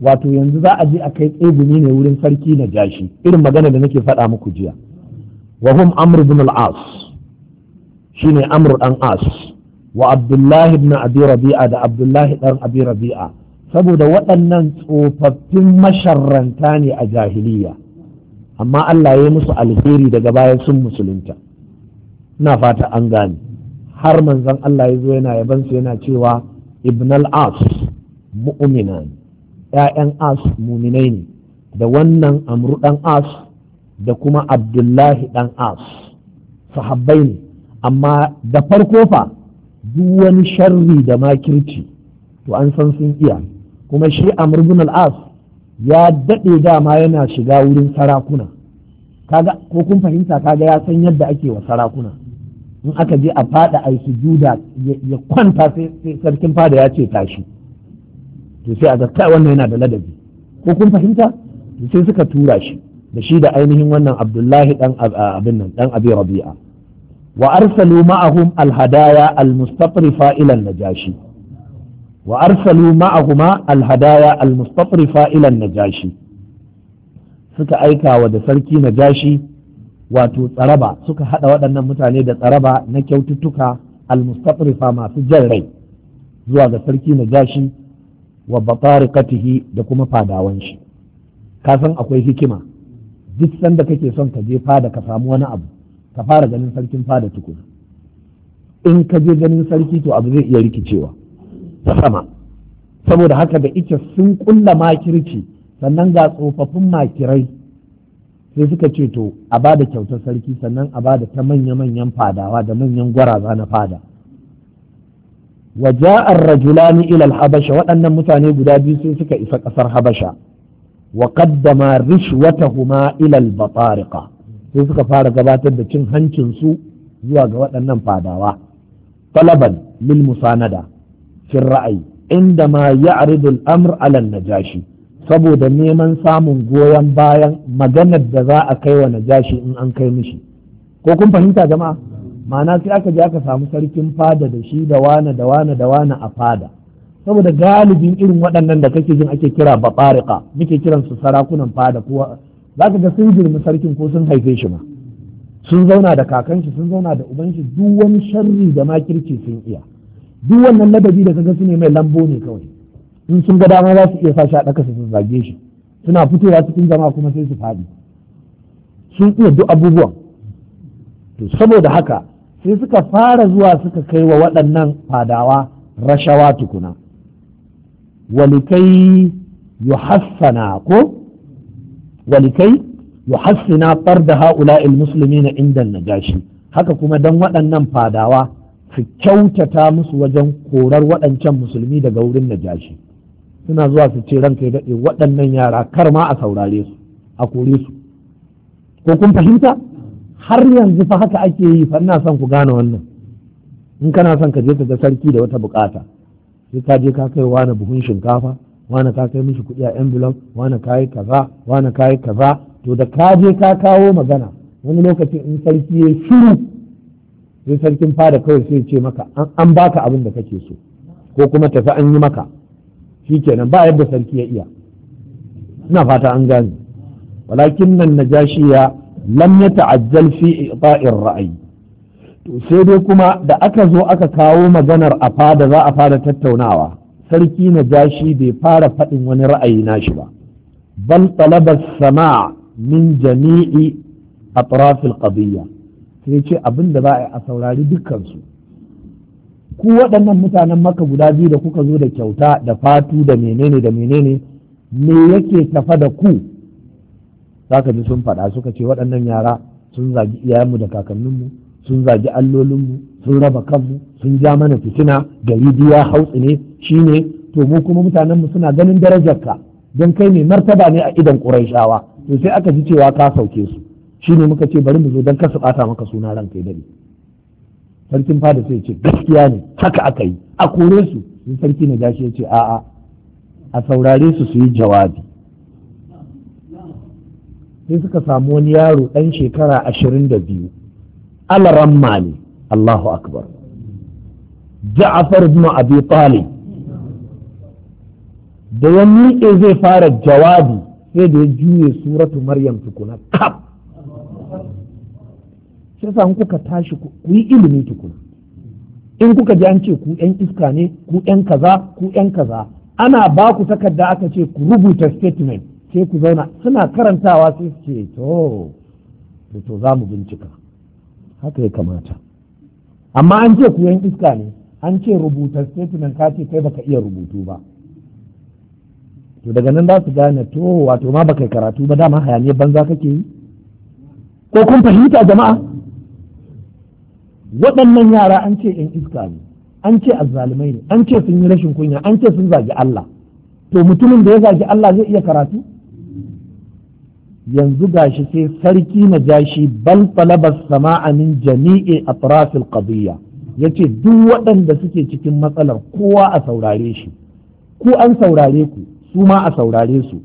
wato yanzu za a je a kai tsegumi ne wurin sarki na jashi irin magana da nake faɗa muku jiya wa hum amr ibn al-as shine amr dan as wa abdullahi ibn abi rabi'a da abdullahi dan abi rabi'a saboda waɗannan tsofaffin masharranta ne a jahiliya amma Allah ya musu alheri daga bayan sun musulunta ina fata an gane har manzon Allah ya zo yana yabansu yana cewa ibn al-as mu'mina ‘ya'yan as muminai ne da wannan amru ɗan as da kuma abdullahi ɗan as sahabbai ne amma da farko fa duk wani sharri da makirci to an san sun iya kuma shi amr ibn al-as ya daɗe dama yana shiga wurin sarakuna kaga ko kun fahimta kaga ya san yadda ake wa sarakuna in aka je a fada a juda ya kwanta sai sarkin fada ya ce tashi to sai a zakka wannan yana da ladabi ko kun fahimta sai suka tura shi da shi da ainihin wannan abdullahi dan abin nan dan abi rabi'a wa arsalu ma'ahum alhadaya almustatrifa ila najashi wa arsalu ma'ahuma alhadaya almustatrifa suka aika wa da sarki najashi wato tsaraba suka haɗa waɗannan mutane da tsaraba na kyaututtuka almustatrifa masu jan rai zuwa ga sarki najashi wa batarikatihi da kuma fadawan shi kasan akwai hikima duk sanda kake son ka je fada ka samu wani abu ka fara ganin sarkin fada tukuna in ka je ganin sarki to abu zai iya rikicewa ta sama saboda haka da ita sun kulla makirci sannan ga tsofaffin makirai sai suka ce to a ba da kyautar sarki sannan a ba da ta manya-manyan fadawa da manyan gwaraza na fada wa ja'ar rajulani ilal habasha waɗannan mutane guda biyu sai suka isa ƙasar habasha wa qaddama rishwatahuma ilal batariqa sai suka fara gabatar da cin hancinsu zuwa ga waɗannan fadawa talaban lil musanada fil ra'ayi inda ma ya'ridu al-amr ala najashi saboda neman samun goyon bayan maganar da za a kai wa najashi in an kai mishi ko kun fahimta jama'a ma'ana sai aka je aka samu sarkin fada da shi da wane da wane da wane a fada saboda galibin irin waɗannan da kake jin ake kira baɓariƙa muke kiransu sarakunan fada ko za ka ga sun girma sarkin ko sun haife shi ma sun zauna da kakanshi sun zauna da ubanshi duk wani sharri da makirci sun iya duk wannan ladabi da kaga su ne mai lambo ne kawai in sun ga dama za su iya sashi a ɗaka su zage shi suna fitowa cikin jama'a kuma sai su faɗi sun iya duk abubuwan to saboda haka sai suka fara zuwa suka kai wa waɗannan fadawa rashawa tukuna walikai yuhassana ko walikai yuhassina farda ha'ula'il na inda najashi haka kuma dan waɗannan fadawa su kyautata musu wajen korar waɗancan musulmi daga wurin najashi suna zuwa su ce ranka ya daɗe waɗannan yara kar ma a saurare su a kore su ko kun fahimta har yanzu fa haka ake yi fa ina son ku gane wannan in kana son ka je ka ga sarki da wata bukata sai ka je ka kai wani buhun shinkafa wane ka kai mishi kuɗi a envelope wane ka yi kaza wane ka yi kaza to da ka je ka kawo magana wani lokacin in sarki ya shiru sai sarkin fada kawai sai ce maka an baka abin da kake so ko kuma tafi an yi maka shikenan ba yadda sarki ya iya ina fata an gane walakin nan najashiya lam ya ta'ajjal fi ita'ir ra'ayi to sai dai kuma da aka zo aka kawo maganar a fada za a fara tattaunawa sarki na jashi bai fara faɗin wani ra'ayi shi ba bal talabar sama min jami'i a tarafin ƙabiyya sai ce abin da za a yi a saurari dukkansu ku waɗannan mutanen maka guda biyu da kuka zo da kyauta da fatu da menene da menene me yake tafa da ku za ka ji sun faɗa suka ce waɗannan yara sun zagi iyayenmu da kakanninmu sun zagi allolinmu sun raba kanmu sun ja mana fitina da biya hautsi ne shi ne to mu kuma mutanen mu suna ganin darajar ka don kai ne martaba ne a idan ƙuraishawa to sai aka ji cewa ka sauke su shi ne muka ce bari mu zo don kasu ɓata maka suna ran kai dare sarkin fada sai ce gaskiya ne haka aka yi a kore su sai sarki na gashi ya ce a'a a saurare su su yi jawabi sai suka samu wani yaro ɗan shekara ashirin da biyu alaramma ne Allahu akbar ja'afar ibn Abi Talib da yan miƙe zai fara jawabi sai da ya juye suratu Maryam tukuna kaf sai sa kuka tashi ku yi ilimi tukuna in kuka ji an ce ku yan iska ne ku yan kaza ku yan kaza ana ba ku takarda aka ce ku rubuta statement sai ku zauna suna karantawa sai su to to za mu bincika haka ya kamata amma an ce koyon iska ne an ce rubuta statement ka ce kai baka iya rubutu ba to daga nan za su gane to wato ma baka karatu ba dama hayaniya banza kake yi ko kun fahimta jama'a waɗannan yara an ce yan iska ne an ce azzalumai ne an ce sun yi rashin kunya an ce sun zagi Allah to mutumin da ya zagi Allah zai iya karatu yanzu gashi sai sarki na jashi bal falabas sama'a min jami'i atrafil qadiyya yace duk waɗanda suke cikin matsalar kowa a saurare shi ku an saurare ku su ma a saurare su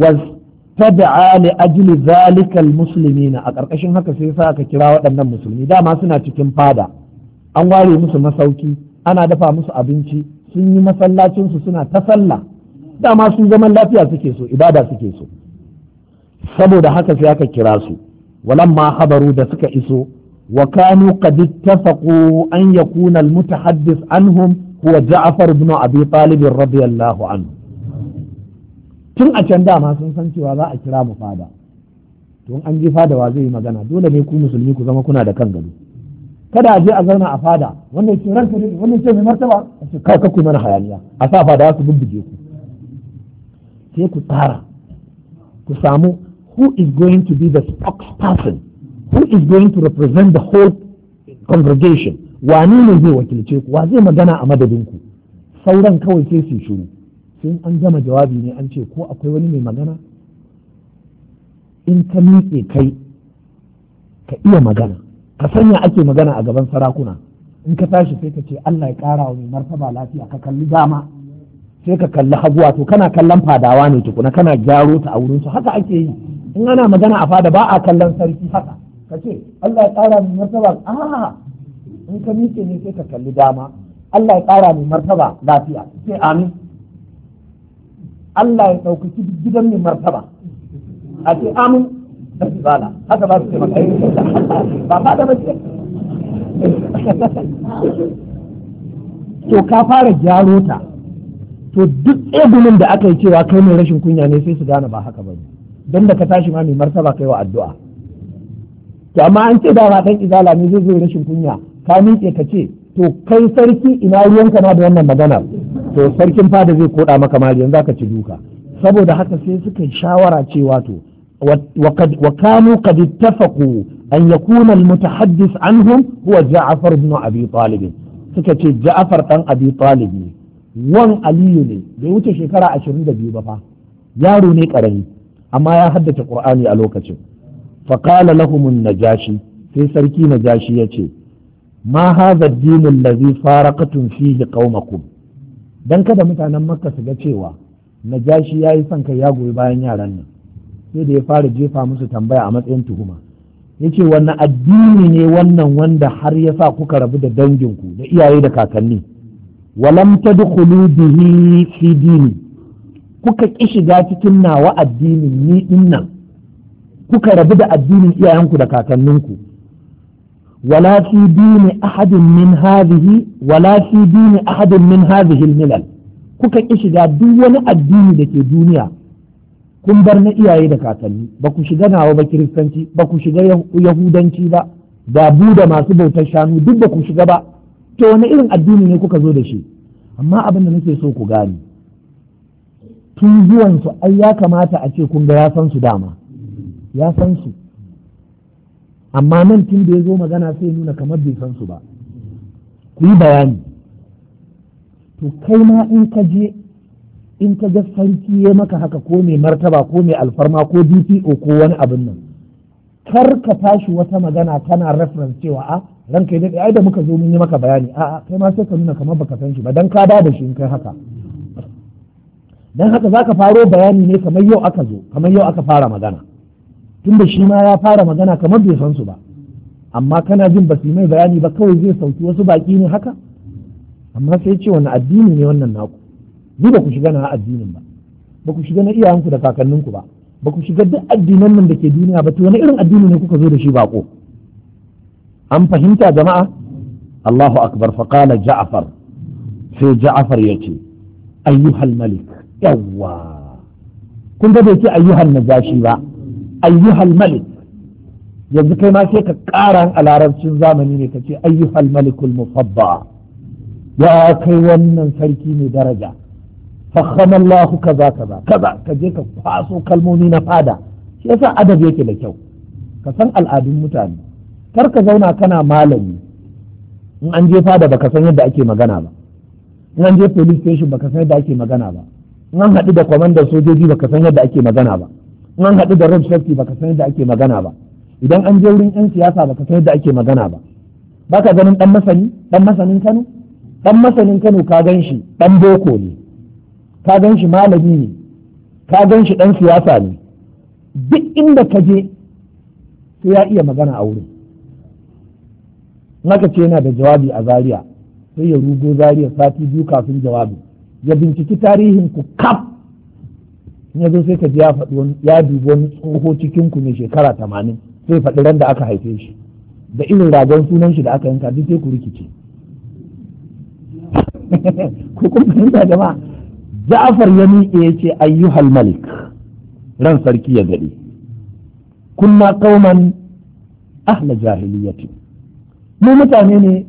wastada'a li ajli zalika almuslimina a ƙarƙashin haka sai sa aka kira waɗannan musulmi dama suna cikin fada an ware musu masauki ana dafa musu abinci sun yi masallacinsu suna ta sallah dama su zaman lafiya suke so ibada suke so saboda haka sai aka kira su walamma habaru da suka iso wa kanu qad ittafaqu an yakuna al mutahaddis anhum huwa ja'far ibn abi talib radiyallahu anhu tun a can dama sun san cewa za a kira mu fada tun an ji fada wa zai yi magana dole ne ku musulmi ku zama kuna da kan gado kada a je a zauna a fada wannan ce ranka ne wannan ce mai martaba a ce kai ku mana hayaniya a sa fada su bubbuge ku sai ku tsara ku samu who is going to be the spokesperson who is going to represent the whole congregation Wani ne zai wakilce ku wa zai magana a madadin ku sauran kawai sai su shiru sai an gama jawabi ne an ce ko akwai wani mai magana in ka miƙe kai ka iya magana ka sanya ake magana a gaban sarakuna in ka tashi sai ka ce Allah ya ƙara wa mai martaba lafiya ka kalli dama sai ka kalli hagu wato kana kallon fadawa ne tukuna kana gyaro ta a wurin su haka ake yi in ana magana a fada ba a kallon sarki haka ka ce Allah ya tsara min martaba a in ka miƙe ne sai ka kalli dama Allah ya tsara min martaba lafiya sai amin Allah ya ɗaukaki gidan min martaba a ce amin da su zala haka ba su ce maka ba ba da mace to ka fara gyaro ta to duk tsegulin da aka yi cewa kai mai rashin kunya ne sai su gane ba haka ba ne don da ka tashi ma mai martaba kai wa addu'a to amma an ce dama dan izala ne zai zai rashin kunya ka miƙe ka ce to kai sarki ina ruwanka na da wannan magana to sarkin fada zai koɗa maka mali yanzu ka ci duka saboda haka sai suka shawara cewa to wa kanu qad ittafaqu an yakuna al-mutahaddis anhum huwa Ja'far ibn Abi Talib suka ce Ja'far dan Abi Talib ne wan Aliyu ne bai wuce shekara ashirin 22 ba fa yaro ne karami amma ya haddace qur'ani a lokacin fa qala lahum najashi sai sarki najashi yace ma hadha ad-din allazi faraqatum fihi qaumakum dan kada mutanen makka su ga cewa najashi yayi son kai ya goyi bayan yaran nan sai da ya fara jefa musu tambaya a matsayin tuhuma yace wannan addini ne wannan wanda har ya sa kuka rabu da danginku da iyaye da kakanni walam tadkhulu bihi fi dini kuka ƙi shiga cikin nawa addinin ni dinnan kuka rabu da addinin iyayenku da kakanninku wala fi dini ahadin min hadhihi wala fi dini ahadin min hadhihi milal kuka ƙi shiga duk wani addini da ke duniya kun bar na iyaye da kakanni ba ku shiga nawa ba kiristanci ba ku shiga yahudanci ba da bu masu bautar shanu duk ba ku shiga ba to wani irin addini ne kuka zo da shi amma abin da nake so ku gane kafin zuwansu ai ya kamata a ce kun ga ya san su dama ya san su amma nan tun da ya zo magana sai nuna kamar bai san su ba ku yi bayani to kai ma in ka je in ka ga sarki ya maka haka ko mai martaba ko mai alfarma ko dpo ko wani abin nan kar ka tashi wata magana kana reference cewa a ah, ranka daɗe ai da muka zo mun yi maka bayani a'a kai ma sai ka nuna kamar baka san shi ba dan ka ba da shi in kai haka dan haka zaka faro bayani ne kamar yau aka zo kamar yau aka fara magana tunda shi ma ya fara magana kamar bai san su ba amma kana jin ba su mai bayani ba kawai zai sauki wasu baki ne haka amma sai ce wani addini ne wannan naku ni ba ku shiga na addinin ba ba ku shiga na iyayenku da kakanninku ba ba ku shiga duk addinan nan da ke duniya ba to wani irin addini ne kuka zo da shi bako an fahimta jama'a Allahu akbar fa Ja'far sai Ja'far yace ayyuhal malik yawwa kun ga bai ce ayyuhan najashi ba ayyuhal malik yanzu kai ma sai ka ƙara a larabcin zamani ne ka ce ayyuhal malikul musabba ya kai wannan sarki mai daraja fakhamallahu kaza kaza kaza ka je ka kwaso kalmomi na fada shi yasa adab yake da kyau ka san al'adun mutane kar ka zauna kana malami in an je fada baka san yadda ake magana ba in an je police station baka san yadda ake magana ba nan haɗu da kwamandan sojoji baka san yadda ake magana ba nan haɗu da rob safety baka san yadda ake magana ba idan an je wurin yan siyasa baka san yadda ake magana ba baka ganin dan masani dan masanin Kano dan masanin Kano ka gan shi dan boko ne ka gan shi malami ne ka gan shi dan siyasa ne duk inda ka je sai ya iya magana a wurin naka ce yana da jawabi a Zaria sai ya rugo Zaria sati biyu kafin jawabi ya binciki tarihin ku kaf ya zo sai ka ji ya faɗi ya dubi wani tsoho cikin ku ne shekara tamanin sai faɗi ran da aka haife shi da irin ragon sunan shi da aka yanka duk sai ku rikice ku kun fahimta jama'a Ja'far ya miƙe ya ce ayyuhal malik ran sarki ya gaɗe kunna kauman ahla jahiliyyati mu mutane ne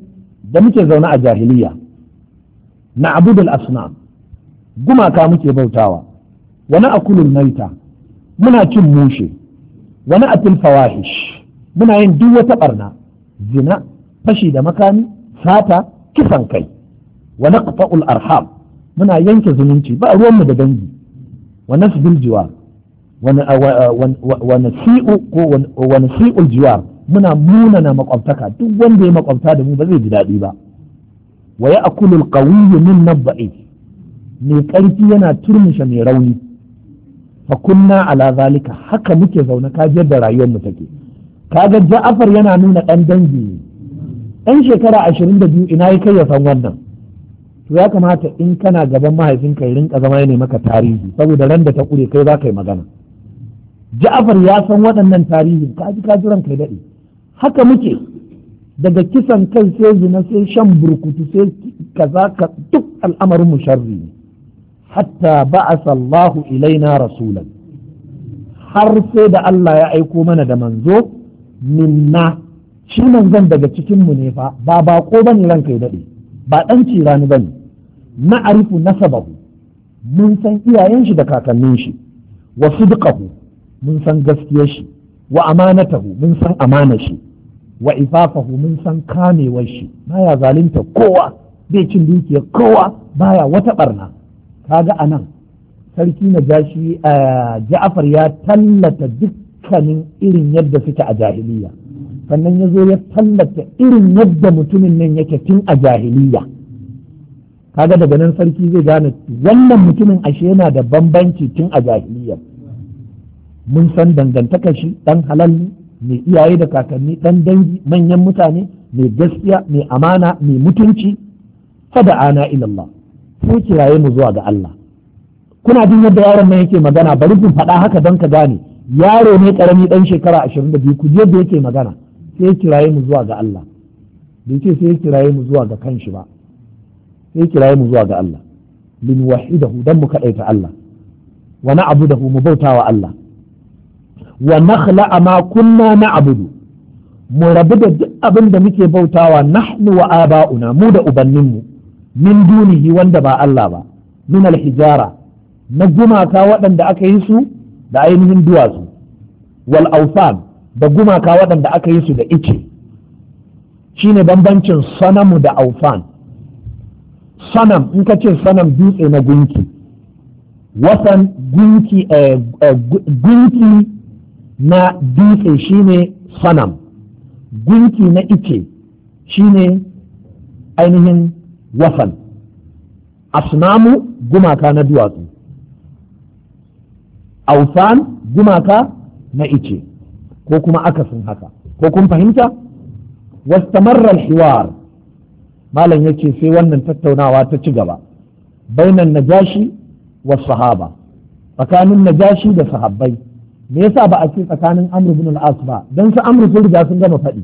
da muke zaune a jahiliya na abudul asnam gumaka muke bautawa wani akulun maita muna cin mushe wani atil fawahish muna yin duk wata barna zina fashi da makami sata kisan kai wani qata'ul arham muna yanke zumunci ba ruwanmu da dangi wani nasbil jiwar wa nasi'u ko jiwar muna munana makwabtaka duk wanda ya makwabta da mu ba zai ji daɗi ba wa ya'kulul min minna dha'if mai ƙarfi yana turmushe mai rauni fa kunna ala zalika haka muke zaune ka da rayuwar mu take kaga ja'afar yana nuna ɗan dangi ne ɗan shekara ashirin da biyu ina ya kai ya san wannan to ya kamata in kana gaban mahaifinka ya rinka zama ya maka tarihi saboda ran da ta kure kai za ka yi magana ja'afar ya san waɗannan tarihin ka ji kajiran kai daɗe haka muke daga kisan kai sai zina sai shan burkutu sai kaza ka duk al'amarin musharri sharri hatta ba'asa ilai na rasulan har sai da Allah ya aiko mana da manzo minna shi manzon daga cikin mu ne fa ba bako bane ranka ya dade ba dan cirani bane na'arifu nasabahu mun san iyayen shi da kakannin shi wa sidqahu mun san gaskiyar shi wa amanatahu mun san amanar shi wa ifafahu mun san kamewar shi baya zalunta kowa bai cin dukiyar kowa baya wata barna kaga anan sarki na jashi a eh, ja'afar ya tallata dukkanin irin yadda suke a jahiliya sannan ya zo ya tallata irin yadda mutumin nan yake tun a jahiliya kaga daga nan sarki zai gane wannan mutumin ashe yana da bambanci tun a jahiliya mun san dangantaka shi dan halal mai iyaye da kakanni dan dangi manyan mutane mai gaskiya mai amana mai mutunci fada ana ilallah ku kiraye mu zuwa ga Allah kuna jin yadda yaron nan yake magana bari ku faɗa haka don ka gane yaro ne karami dan shekara ashirin da biyu ku je yake magana sai kiraye mu zuwa ga Allah bai ce sai kiraye mu zuwa ga kanshi ba sai kiraye mu zuwa ga Allah lin wahidahu dan mu kadaita Allah wa na'budahu mu bautawa Allah wa nakhla ma kunna na'budu mu rabu da duk abin da muke bautawa nahnu wa aba'una mu da ubanninmu mu min dunihi wanda ba Allah ba min alhijara na gumaka waɗanda aka yi su da ainihin duwatsu wal awsan da gumaka waɗanda aka yi su da ice shine bambancin sanamu da aufan sanam in ka ce sanam dutse na gunki wasan gunki eh, eh, gunki na dutse shine sanam gunki na ice shine ainihin wasan asnamu gumaka na duwatsu ausan gumaka na ice ko kuma sun haka ko kun fahimta wastamarra al malam yake sai wannan tattaunawa ta ci gaba bainan najashi wa sahaba tsakanin najashi da sahabbai me yasa ba a ce tsakanin amr ibn al-as ba dan su amr sun riga sun gama faɗi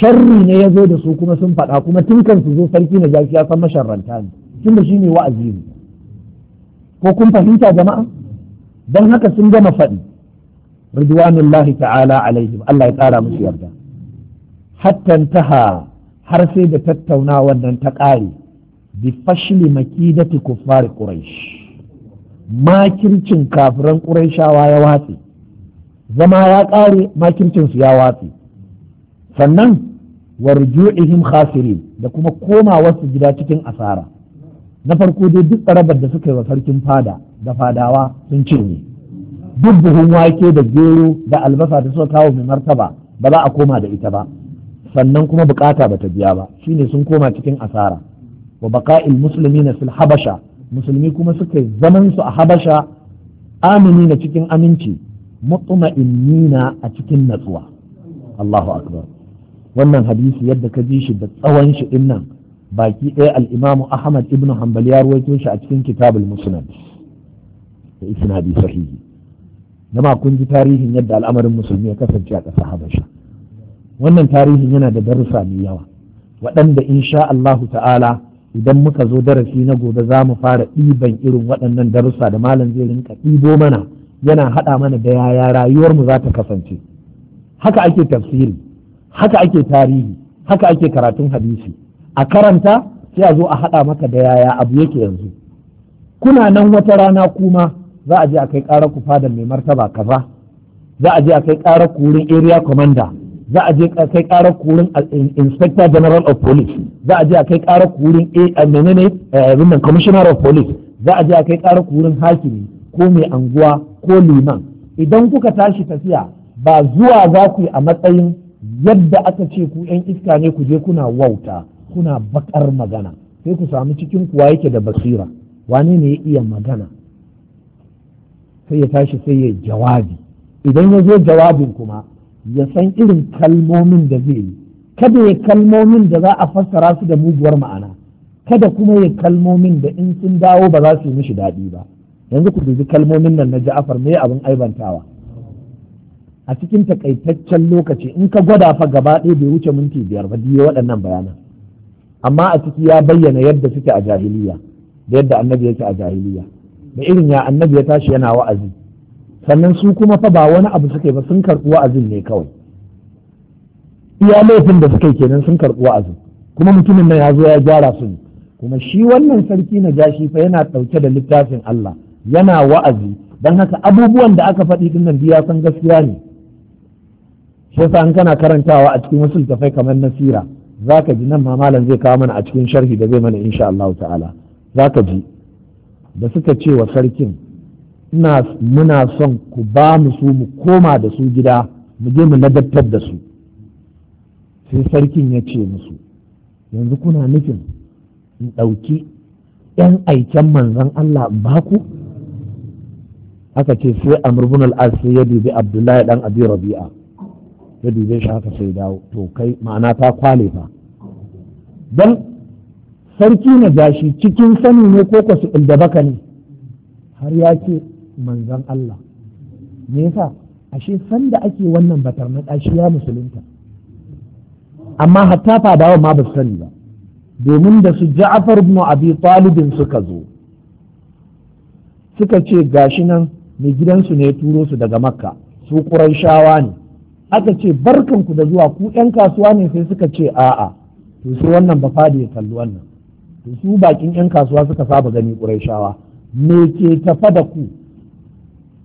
sharri ne ya zo da su kuma sun faɗa kuma tun kan su zo sarki na zaki ya san masharranta ne tun da shi ne wa'azi ne ko kun fahimta jama'a don haka sun gama faɗi ridwanullahi ta'ala alaihim Allah ya tsara musu yarda hattan taha har sai da tattaunawar nan ta ƙare bi fashli makidati kuffar quraish makircin kafiran ƙurayshawa ya watse zama ya ƙare su ya watse sannan warju'ihim ruju'ihim khasirin da kuma wasu gida cikin asara na farko dai duk tsarabar da suka yi wa sarkin fada da fadawa sun ne duk buhun wake da gero da albasa da suka kawo mai martaba ba za a koma da ita ba sannan kuma bukata ba ta biya ba shine sun koma cikin asara wa baka'il muslimina fil habasha musulmi kuma suka zaman su a habasha amini na cikin aminci mutma'innina a cikin natsuwa Allahu akbar wannan hadisi yadda ka ji shi da tsawon shi din nan baki ɗaya al Ahmad ibn Hanbal ya ruwaito shi a cikin Kitabul Musnad da isnadi sahihi jama kun ji tarihin yadda al'amarin musulmi ya kasance a ƙasa Habasha wannan tarihin yana da darussa mai yawa waɗanda insha Allahu ta'ala idan muka zo darasi na gobe za mu fara ɗiban irin waɗannan darussa da malam zai rinka ɗibo mana yana haɗa mana da yaya rayuwarmu za ta kasance haka ake tafsiri haka ake tarihi haka ake karatun hadisi a karanta sai a zo a haɗa maka da yaya abu yake yanzu kuna nan wata rana kuma za a je a kai ƙarar ku fadar mai martaba kaza za a je a kai ƙarar ku wurin area commander za a je a kai ƙarar ku wurin uh, inspector general of police za a je a kai ƙarar ku wurin eh, uh, menene uh, commissioner of police za a je a kai ƙarar ku wurin hakimi ko mai anguwa ko liman idan kuka tashi tafiya ba zuwa za ku yi a matsayin yadda aka ce ku yan iska ne ku je kuna wauta kuna bakar magana sai ku samu cikin kuwa yake da basira wane ne ya iya magana sai ya tashi sai ya jawabi idan ya zo jawabin kuma ya san irin kalmomin da zai yi kada ya kalmomin da za a fassara su da muguwar ma'ana kada kuma ya kalmomin da in sun dawo ba za su yi mishi daɗi ba yanzu ku dubi kalmomin nan na ja'afar me abin aibantawa a cikin takaitaccen lokaci in ka gwada fa gaba ɗaya bai wuce minti biyar ba biyo waɗannan bayanan amma a ciki ya bayyana yadda suke a jahiliya da yadda annabi yake a jahiliya da irin ya annabi ya tashi yana wa'azi sannan su kuma fa ba wani abu suke ba sun karɓi wa'azin ne kawai iya laifin da suke kenan sun karɓi wa'azin kuma mutumin nan ya zo ya gyara su ne kuma shi wannan sarki na gashi fa yana ɗauke da littafin Allah yana wa'azi don haka abubuwan da aka faɗi din nan biya san gaskiya ne shi yasa an kana karantawa a cikin wasu littafai kamar na sira ka ji nan ma malam zai kawo mana a cikin sharhi da zai mana insha Allah ta'ala za ka ji da suka ce wa sarkin ina muna son ku ba mu su mu koma da su gida mu je mu ladabtar da su sai sarkin ya ce musu yanzu kuna nufin in ɗauki 'yan aiken manzan Allah ba ku aka ce sai amurbunan bin sai ya dubi abdullahi ɗan abi rabi'a ya dube shi haka sai dawo to kai ma'ana ta kwale fa don sarki na gashi cikin sani ne ko ko su da baka ne har ya ce manzan Allah me yasa ashe sanda ake wannan batar na ƙashi ya musulunta amma hatta fadawa ma ba su sani ba domin da su ja'afar ibn abi talibin suka zo suka ce gashi nan mai gidansu ne ya turo su daga makka su shawa ne aka ce barkanku da zuwa ku 'yan kasuwa ne sai suka ce a'a to sai wannan ba fadi ya kalli wannan to su bakin 'yan kasuwa suka saba gani ƙurayshawa me ke tafa da ku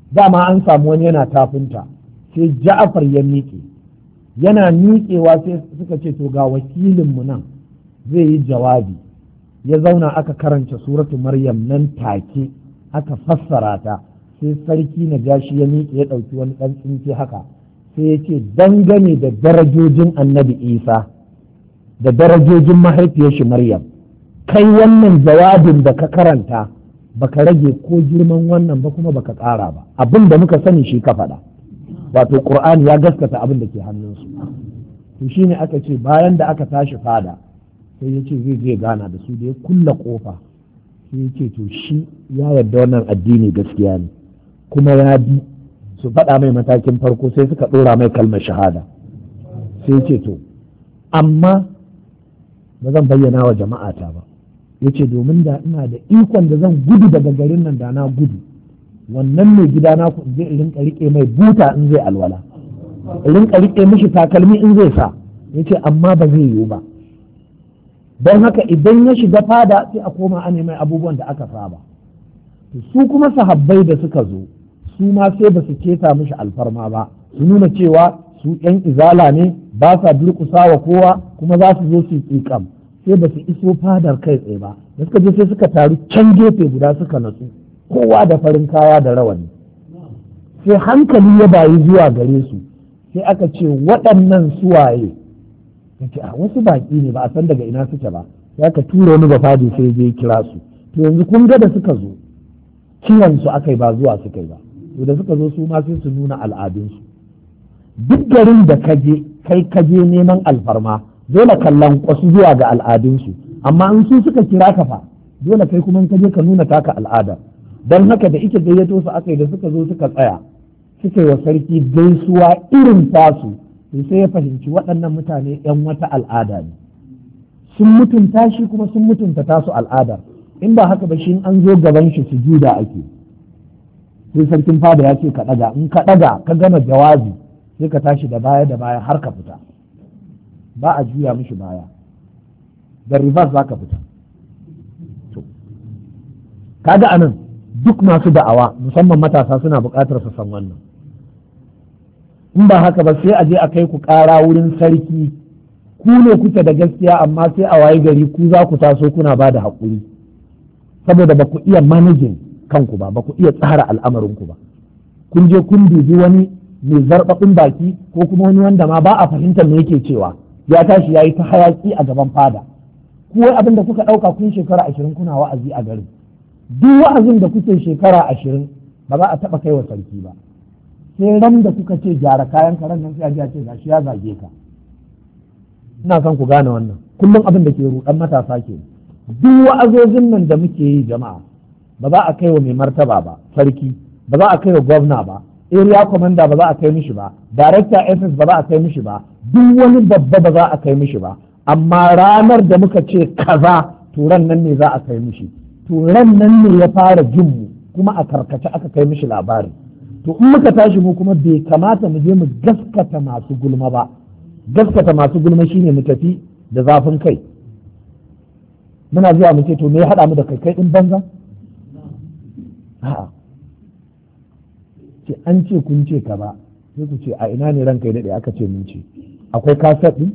dama an samu wani yana tafinta sai ja'afar ya miƙe yana miƙewa sai suka ce to ga wakilinmu nan zai yi jawabi ya zauna aka karanta suratu maryam nan take aka fassara ta sai sarki na gashi ya miƙe ya ɗauki wani ɗan tsinke haka sai ya ce dangane da darajojin annabi isa da darajojin mahaifiyar shi maryam kai wannan jawabin da ka karanta baka rage ko girman wannan ba kuma baka ƙara ba abin da muka sani shi ka faɗa wato ƙur'ani ya gaskata abin da ke hannunsu to shine aka ce bayan da aka tashi fada sai ya ce zai je gana da su da ya kulla ƙofa sai ya ce to shi ya yarda wannan addini gaskiya ne kuma ya bi su faɗa mai matakin farko sai suka ɗora mai kalmar shahada sai ce to amma ba zan bayyana wa jama'ata ba Ya ce domin da ina da ikon da zan gudu daga garin nan da na gudu wannan mai gida na ku zai rinka rike mai buta in zai alwala rinka rike mishi takalmi in zai sa Ya ce amma ba zai yiwu ba don haka idan ya shiga fada sai a koma a mai abubuwan da aka ba. su kuma sahabbai da suka zo su ma sai ba su keta mishi alfarma ba su nuna cewa su yan izala ne ba sa durƙusa wa kowa kuma za su zo su yi sai ba su iso fadar kai tsaye ba da suka je sai suka taru can gefe guda suka natsu kowa da farin kaya da rawani sai hankali ya bayi zuwa gare su sai aka ce waɗannan suwaye yake a wasu baƙi ne ba a san daga ina suke ba sai aka tura wani bafadi sai je kira su to yanzu kun ga da suka zo kiran su aka yi ba zuwa suka yi ba to da suka zo su ma sai su nuna al'adunsu duk garin da kaje kai kaje neman alfarma dole kallon kwasu zuwa ga al'adunsu amma in su suka kira ka fa dole kai kuma in kaje ka nuna taka al'ada don haka da ike gayyato su aka yi da suka zo suka tsaya suka wa sarki gaisuwa irin tasu to sai ya fahimci waɗannan mutane 'yan wata al'ada ne sun mutunta shi kuma sun mutunta tasu al'ada in ba haka ba shi an zo gaban shi su sujuda ake sai sarkin fada ya ce ka ɗaga in ka ɗaga ka gama jawabi sai ka tashi da baya da baya har ka fita ba a juya mishi baya da reverse za ka fita kaga anan duk masu da'awa musamman matasa suna buƙatar su san wannan in ba haka ba sai a je a kai ku ƙara wurin sarki ku ne kuke da gaskiya amma sai a waye gari ku za ku taso kuna ba da haƙuri saboda ba ku iya managing kanku ba ba ku iya tsara al'amarinku ba kun je kun dubi wani mai zarɓaɓin baki ko kuma wani wanda ma ba a fahimtar me yake cewa ya tashi ya yi ta hayaki a gaban fada ku wai abin da kuka ɗauka kun shekara ashirin kuna wa'azi a garin duk wa'azin da kuke shekara ashirin ba za a taba kai wa sarki ba sai ran da kuka ce gyara kayan karen nan sai a ce gashi ya zage ka ina son ku gane wannan kullum abin da ke ruɗan matasa ke duk wa'azozin nan da muke yi jama'a ba za a kai wa mai martaba ba sarki ba za a kai wa gwamna ba area commander ba za a kai mishi ba director ss ba za a kai mishi ba duk wani babba ba za a kai mishi ba amma ranar da muka ce kaza turan nan ne za a kai mishi turan nan ne ya fara jin mu kuma a karkace aka kai mishi labari to in muka tashi mu kuma bai kamata mu je mu gaskata masu gulma ba gaskata masu gulma shine mu tafi da zafin kai muna zuwa mu ce to me ya haɗa mu da kai kai din banza a'a ce an ce kun ce ka ba sai ku ce a ina ne ranka ya daɗe aka ce mun ce akwai kasar ɗin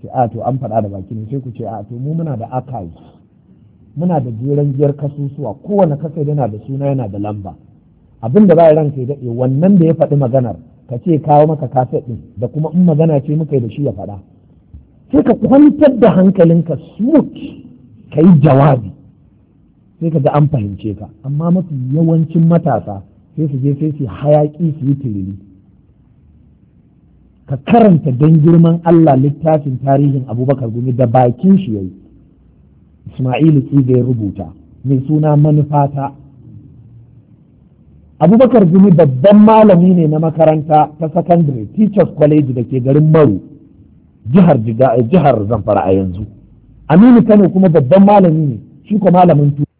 ce a to an faɗa da baki ne sai ku ce a to mu muna da akai muna da jeren jiyar kasusuwa kowane kasa yana da suna yana da lamba abin da ba ranka ya daɗe wannan da ya faɗi maganar ka ce kawo maka kasar ɗin da kuma in magana ce muka yi da shi ya faɗa sai ka kwantar da hankalinka smooth ka yi jawabi sai ka ga an fahimce ka amma mafi yawancin matasa sai su je sai su hayaƙi su yi tiriri ka karanta don girman Allah littafin tarihin abubakar gumi da bakin shi yayi Ismailu tsibe rubuta mai suna manufata abubakar gumi babban malami ne na makaranta ta secondary teachers college da ke garin maru jihar eh, jihar zamfara a yanzu aminu kano kuma babban malami ne shi ko malamin tu